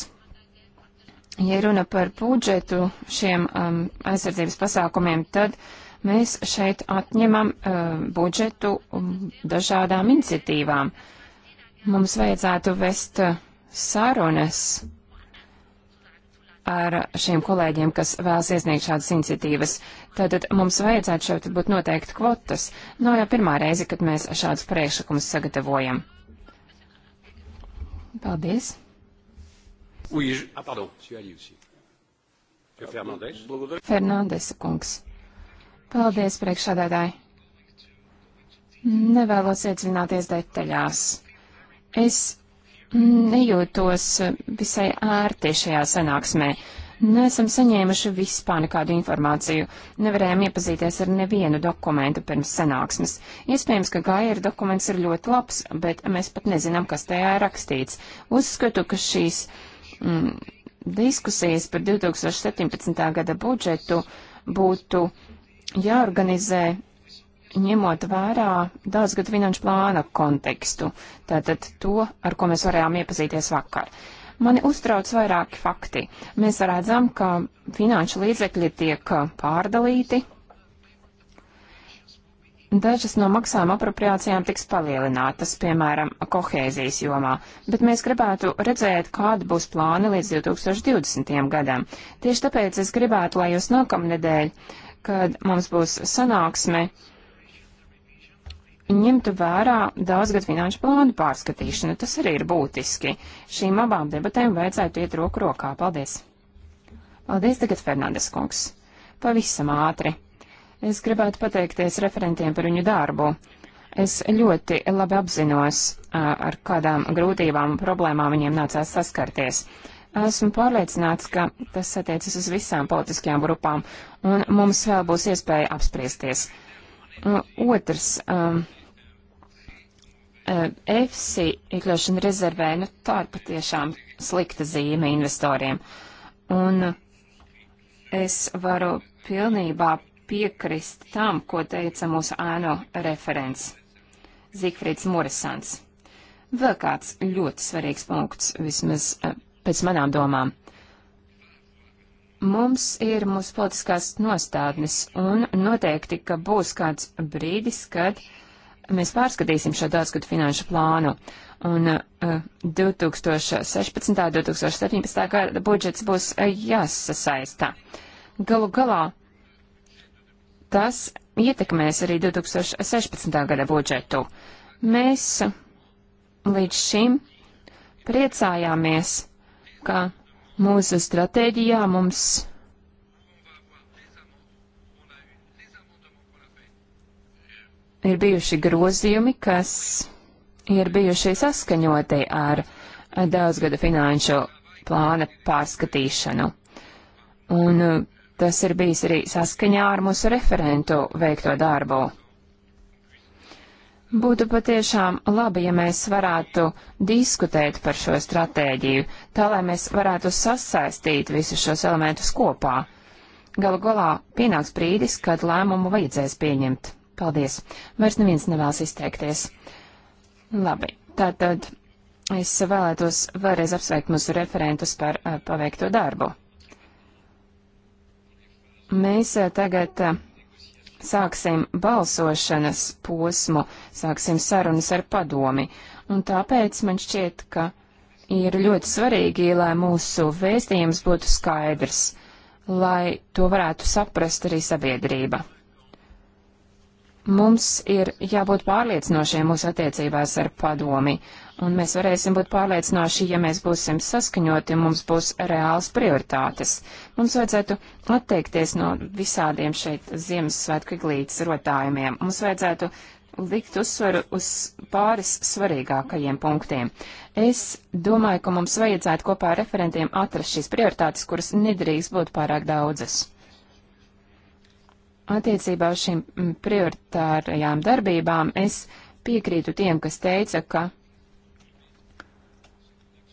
ja runa par budžetu šiem um, aizsardzības pasākumiem, tad uh, Mēs šeit atņemam uh, budžetu um, dažādām iniciatīvām. Mums vajadzētu vest uh, sarunas ar šiem kolēģiem, kas vēlas iesniegt šādas iniciatīvas. Tātad mums vajadzētu šeit būt noteikti kvotas. Nav no jau pirmā reize, kad mēs šādus priekšlikumus sagatavojam. Paldies. Ah, Fernandes kungs. Paldies, priekšsādātāji. Nevēlos iedziļināties detaļās. Es nejūtos visai ērti šajā sanāksmē. Nesam saņēmuši vispār nekādu informāciju. Nevarējām iepazīties ar nevienu dokumentu pirms sanāksmes. Iespējams, ka Gaira dokuments ir ļoti labs, bet mēs pat nezinām, kas tajā ir rakstīts. Uzskatu, ka šīs mm, diskusijas par 2017. gada budžetu būtu jāorganizē ņemot vērā daudzgadu finanšu plāna kontekstu, tātad to, ar ko mēs varējām iepazīties vakar. Mani uztrauc vairāki fakti. Mēs redzam, ka finanšu līdzekļi tiek uh, pārdalīti. Dažas no maksājuma apropriācijām tiks palielinātas, piemēram, kohēzijas jomā, bet mēs gribētu redzēt, kāda būs plāna līdz 2020. gadam. Tieši tāpēc es gribētu, lai jūs nākamnedēļ uh, kad mums būs sanāksme, ņemtu vērā daudzgad finanšu plānu pārskatīšanu. Tas arī ir būtiski. Šīm abām debatēm vajadzētu iet roku rokā. Paldies! Paldies tagad, Fernandes kungs! Pavisam ātri! Es gribētu pateikties referentiem par viņu darbu. Es ļoti labi apzinos, ar kādām grūtībām un problēmām viņiem nācās saskarties. Esmu pārliecināts, ka tas attiecas uz visām politiskajām grupām, un mums vēl būs iespēja apspriesties. Otrs, um, EFSI iekļaušana rezervē, nu tā ir patiešām slikta zīme investoriem. Un es varu pilnībā piekrist tam, ko teica mūsu ēnu referents Zigfrīds Morisants. Vēl kāds ļoti svarīgs punkts, vismaz pēc manām domām. Mums ir mūsu politiskās nostādnes, un noteikti, ka būs kāds brīdis, kad mēs pārskatīsim šo daudzgadu finanšu plānu. Un uh, 2016. un 2017. gada budžets būs uh, eh, jāsasaistā. Galu galā tas ietekmēs arī 2016. gada budžetu. Mēs līdz šim priecājāmies, ka Mūsu stratēģijā mums ir bijuši grozījumi, kas ir bijuši saskaņoti ar daudzgada finanšu plāna pārskatīšanu. Un tas ir bijis arī saskaņā ar mūsu referentu veikto darbu. Būtu patiešām labi, ja mēs varētu diskutēt par šo stratēģiju, tā lai mēs varētu sasaistīt visus šos elementus kopā. Galu galā pienāks brīdis, kad lēmumu vajadzēs pieņemt. Paldies. Vairs neviens nevēlas izteikties. Labi, tātad es vēlētos vēlreiz apsveikt mūsu referentus par eh, paveikto darbu. Mēs eh, tagad eh, sāksim balsošanas posmu, sāksim sarunas ar padomi, un tāpēc man šķiet, ka ir ļoti svarīgi, lai mūsu vēstījums būtu skaidrs, lai to varētu saprast arī sabiedrība. Mums ir jābūt pārliecinošiem mūsu attiecībās ar padomi, un mēs varēsim būt pārliecinoši, ja mēs būsim saskaņoti un mums būs reāls prioritātes. Mums vajadzētu atteikties no visādiem šeit Ziemassvētku iglītes rotājumiem. Mums vajadzētu likt uzsvaru uz pāris svarīgākajiem punktiem. Es domāju, ka mums vajadzētu kopā ar referentiem atrast šīs prioritātes, kuras nedrīkst būt pārāk daudzas. Attiecībā uz šīm mm, prioritārajām darbībām es piekrītu tiem, kas teica, ka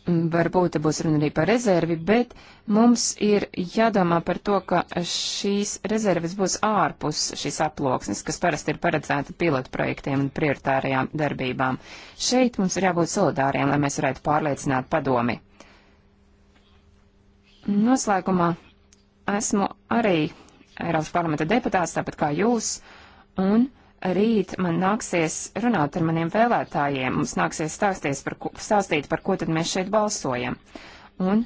mm, varbūt te būs runa arī par rezervi, bet mums ir jādomā par to, ka šīs rezerves būs ārpus šīs aploksnes, kas parasti ir paredzēta pilotu projektiem un prioritārajām darbībām. Šeit mums ir jābūt solidāriem, lai mēs varētu pārliecināt padomi. Noslēgumā esmu arī Eiropas parlamenta deputāts, tāpat kā jūs, un rīt man nāksies runāt ar maniem vēlētājiem, mums nāksies par ko, stāstīt par ko tad mēs šeit balsojam. Un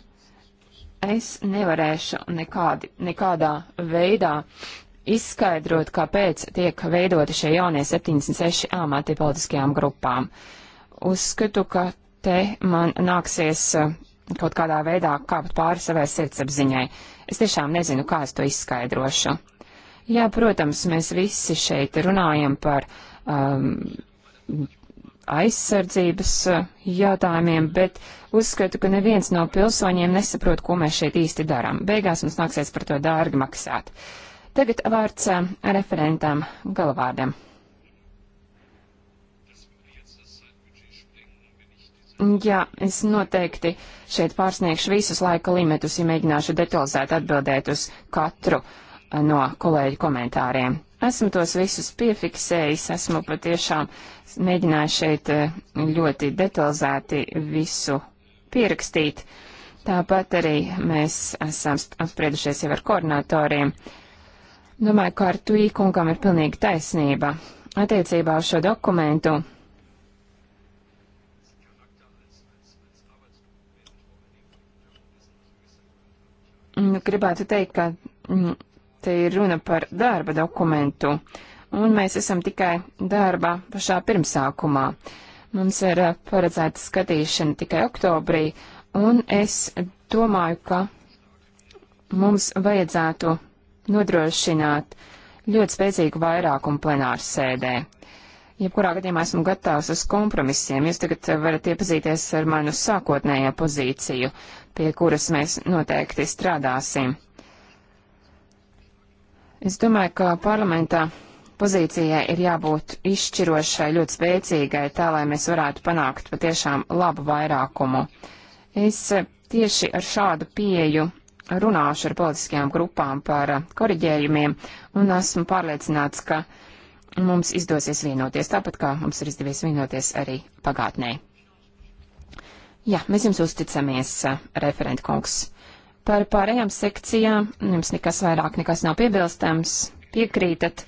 es nevarēšu nekādi, nekādā veidā izskaidrot, kāpēc tiek veidoti šie jaunie 76 amati politiskajām grupām. Uzskatu, ka te man nāksies kaut kādā veidā kāpt pāri savai sirdsapziņai. Es tiešām nezinu, kā es to izskaidrošu. Jā, protams, mēs visi šeit runājam par um, aizsardzības uh, jautājumiem, bet uzskatu, ka neviens no pilsoņiem nesaprot, ko mēs šeit īsti darām. Beigās mums nāksies par to dārgi maksāt. Tagad vārds uh, referentam galvādam. Jā, es noteikti šeit pārsniegšu visus laika limitus, ja mēģināšu detalizēt atbildēt uz katru eh, no kolēģu komentāriem. Esmu tos visus piefiksējis, esmu patiešām mēģinājis šeit eh, ļoti detalizēti visu pierakstīt. Tāpat arī mēs esam apspriedušies jau ar koordinatoriem. Domāju, ka ar Tuīkungam ir pilnīga taisnība. Attiecībā uz šo dokumentu Mm, gribētu teikt, ka mm, te ir runa par darba dokumentu, un mēs esam tikai darba pašā pirmsākumā. Mums ir eh, paredzēta skatīšana tikai oktobrī, un es domāju, ka mums vajadzētu nodrošināt ļoti spēcīgu vairākumu plenāru sēdē. Jebkurā gadījumā esmu gatavs uz kompromisiem. Jūs tagad varat iepazīties ar manu sākotnējo pozīciju, pie kuras mēs noteikti strādāsim. Es domāju, ka parlamentā pozīcijai ir jābūt izšķirošai, ļoti spēcīgai, tā lai mēs varētu panākt patiešām labu vairākumu. Es tieši ar šādu pieju runāšu ar politiskajām grupām par koriģējumiem un esmu pārliecināts, ka uh, mums izdosies vienoties, tāpat kā mums ir izdevies vienoties arī pagātnē. Jā, mēs jums uzticamies, referent kungs. Par pārējām sekcijām jums nekas vairāk nekas nav piebilstams, piekrītat,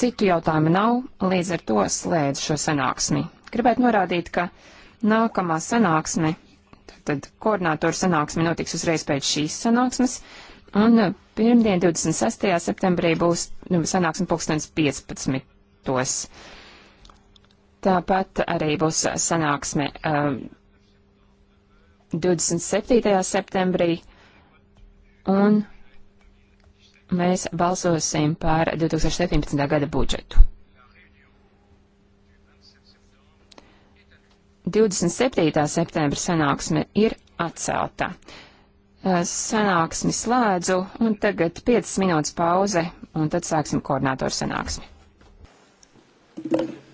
citu jautājumu nav, līdz ar to slēdz šo sanāksmi. Gribētu norādīt, ka nākamā sanāksme, tad koordinātoru sanāksme notiks uzreiz pēc šīs sanāksmes, Un uh, pirmdien, 26. septembrī, būs nu, sanāksme pulkstens 15. Tāpat arī būs sanāksme um, 27. septembrī, un mēs balsosim par 2017. gada budžetu. 27. septembra sanāksme ir atcelta. Eh, sanāksmi slēdzu, un tagad 5 minūtes pauze, un tad sāksim koordinātoru sanāksmi. Thank you.